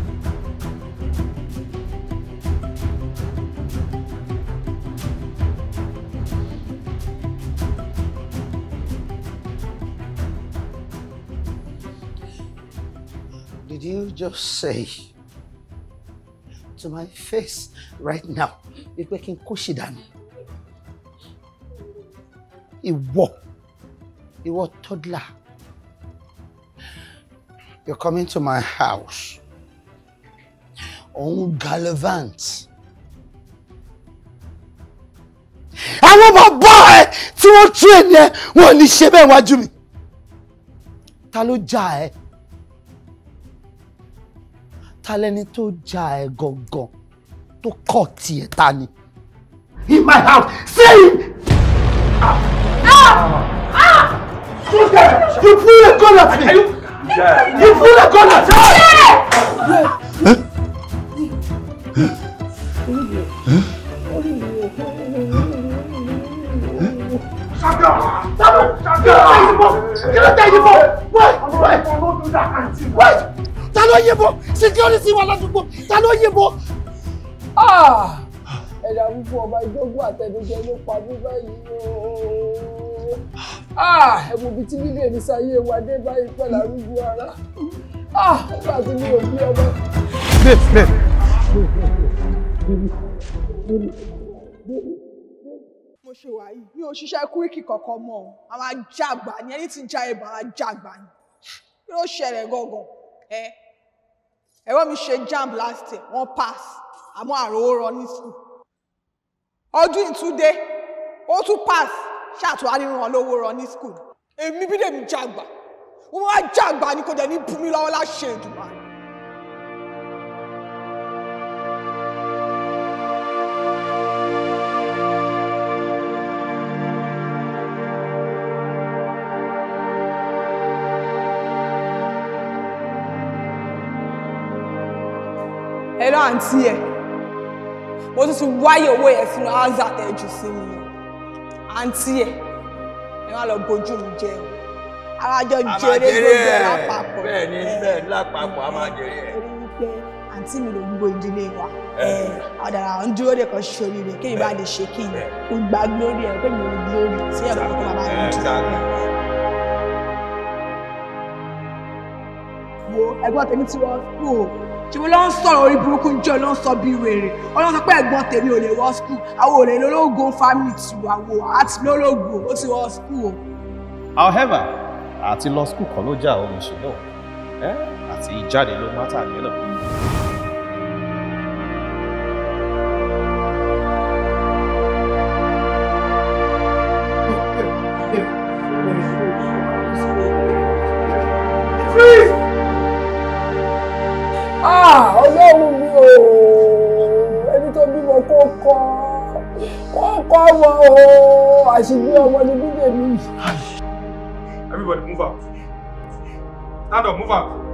Did you just say to my face right now wípé kí n kó ṣì dànù? Ìwọ, ìwọ toddler. You're coming to my house. Òun gallivant. Àwọn bàbá ẹ tí wọ́n train ẹ wọn ò ní ṣe bẹ́ẹ̀ wájú mi. Ta ló já ẹ? Ta lẹni tó já ẹ gangan tó kọ̀ tiẹ̀ ta ni? In my house, say. him! Ah! Ah! Ah! Shoot You pull the gun at me! You feel a gun at Ta ló yìnbọn? Security wà ládùúgbò. Ta ló yìnbọn? Ah! Ẹ̀dà wípé ọba ìjọ́gbó àtẹnudẹ ló pa mí báyìí ooo. Ah, ẹ̀wọ̀n bíi tí lílé mi sáyé wa dé báyìí pẹ̀lú arúgbó ara ah, nígbà tí mi ò bí ọmọ. bẹ́ẹ̀ bẹ́ẹ̀ mo ṣe wà yìí mi ò ṣiṣẹ́ kúríkì kankan mọ́ ọ àwọn ajágbá ni ẹni tí ń já ibà ajágbá ni kí ló ṣẹlẹ̀ gangan ẹ ẹ̀rọ mi ṣe jamb last year wọ́n pass àmọ́ àròwó rọ ní school ọdún ìtúndé ó tún pass ṣáàtú arírun olówó rọ ní skul èmi bí lèmi jàgbà wọn wá jàgbà ni kò dẹ̀ ní bùnmi lọ́wọ́ láṣẹ ìdùnnú. àǹtí ẹ mo tún ti wáyé owó yẹn sínú áńsà tẹ sí mi àǹtí ẹ̀ ẹ wá lọ bójú mi jẹ o arájọ jẹrẹ gbogbo ẹ lápapọ̀ bẹ́ẹ̀ ni bẹ́ẹ̀ lápapọ̀ a máa jẹrẹ ẹ̀. torí wípé àǹtí mi ló gbogbo ìdílé wa ọ̀dàrà ń dúró de kan ṣe oríire kéyìn bá lè ṣe kéyìn kó gba glory ẹ̀ pé mi ò ní glory tí ẹ̀ kọ́kọ́ bàbá mi dùn. wo ẹgbọ́n tèmi ti wọ́n kú o ṣùgbọ́n ló ń sọ̀rọ̀ orí burúkú ń jẹ́ ló ń sọ bí wèrè ọlọ́run sọ pé ẹ̀gbọ́n tèmi ò lè wọ skul àwọn òrè lológun family tiwa wo àti lológun ó ti wọ skul o. however àti lọ skul kan ló jà omi ṣe náà àti ìjáde ló má tà nílò. wọ o àṣìgbé ọmọ ni bíbélì. everybody move out stand up move out.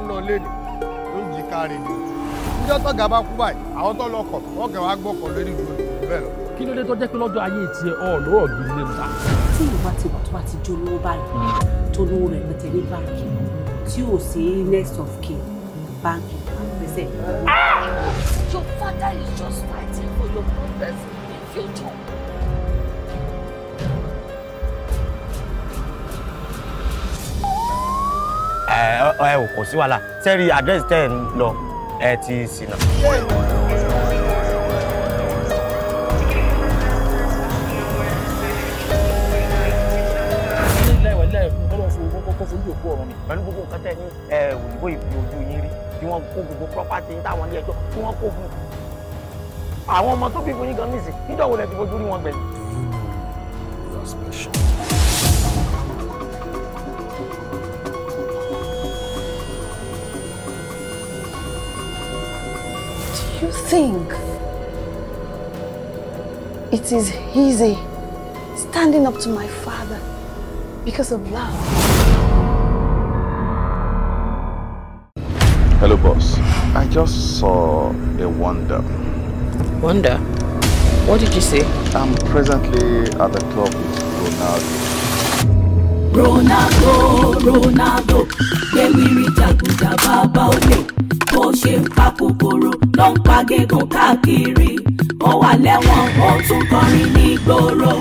ń lọ lé ní ló ń jí káàrí ni níjọ́ tọ́gà bá kú báyìí àwọn tó lọkọ̀ wọ́n kẹ̀ wá gbọ́kọ̀ lórí ìlú bẹ́ẹ̀ lọ. kí ló dé tó jẹ́ pé lọ́jọ́ ayé tiẹ̀ ọ̀ lọ́rọ̀ bí ilé ń ta. tí ìlú bá ti wà tó bá ti jó lówó báyìí tó lówó rẹ̀ pẹ̀tẹ́ ní báńkì tí ò sí next of kin báńkì pẹ̀sẹ̀. Ah! Your father is just fighting for your progress in future. ẹ ò kò sí wàhálà sẹ́rí àdírẹ́sì tẹ́ ẹ̀ ń lọ ẹ ti ṣìnà. pẹ̀lú gbogbo nǹkan tẹ́ ní òyìnbó ìfi ojú yín rí tí wọ́n kó gbogbo property yín táwọn ilé ẹjọ́ tí wọ́n kó fún un. àwọn ọmọ tó bí fún yín gan nísìn nítorí wo lẹ ti fojú rí wọn gbẹ̀yìn. think. It is easy standing up to my father because of love. Hello, boss. I just saw a wonder. Wonder? What did you say? I'm presently at the club with Ronaldo. Ronaldo Ronaldo gbẹ̀wìrì jàgùjà bàbá olè bó ṣe ń pa kòkòrò ló ń pa gégùn káàkiri ó wà lẹ́wọ̀n ó tún kọrin nígboro.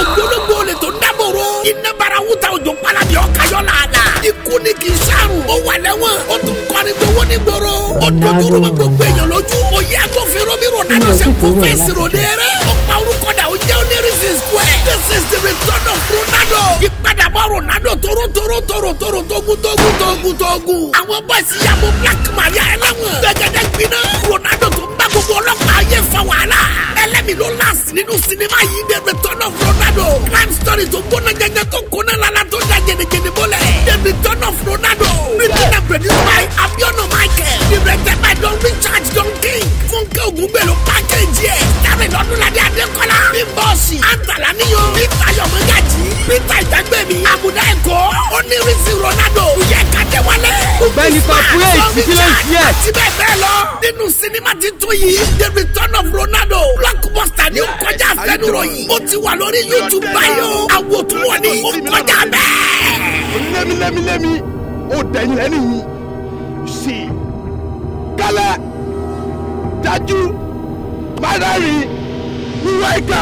ògbólógbòó lè tó dábòrò iná bara wúta òjò palabi ọ̀kayọ̀ làálà ikú ni kì í ṣàrùn ó wà lẹ́wọ̀n ó tún kọrin gbowó nígboro ó dojúrú gbogbo èèyàn lójú òye agbófinró bí Ronaldo ṣe kú fèsì ròdẹ́rẹ́ ó pa orúkọ This is the return of Ronaldo. Ìpadàbọ̀ Ronaldo Toro, Toro, torotoro torotoro togun togun togun togun. Àwọn bọ́ọ̀sì yàgò Black Maria ẹlẹ́wọ̀n. Gbẹ̀gẹ̀dẹ̀ gbiná. Ronaldo tó ń bá gbogbo ọlọ́pàá ayé fa wàhálà. Ẹlẹ́mi ló last nínú sinimá yìí the return of Ronaldo. Crime story tó gbóná jẹjẹ tó kóná lala tó da jẹnijẹni bọ́lẹ̀. The return of Ronaldo. Written and produced by Abiona Michael. Directed by Don Richard Don King. Fúnkẹ́ Ògúngbèlò package yẹ. Dábìlì Ọdúnladé Adékọ́lá. Bí bọ́ọ̀sì, àǹtàlá níy peter yomugaji peter ìdágbèmí àbùdá ẹ̀kọ́ onírìsì ronaldo yẹ kádéwálé ọ̀gbẹ́ni papule ìdílé yẹ àti bẹ́ẹ̀ bẹ́ẹ̀ lọ nínú sinimá titun yìí the return of ronaldo blockbuster ni ó kọjá àfẹnuròyìn ó ti wà lórí youtube báyìí o ó kọjá bẹ́ẹ̀. lẹ́mílẹ́mílẹ́mí ó dẹ̀yìn lẹ́nu yìí sí i kálẹ̀ dájú bá dárí wíwá ìkà.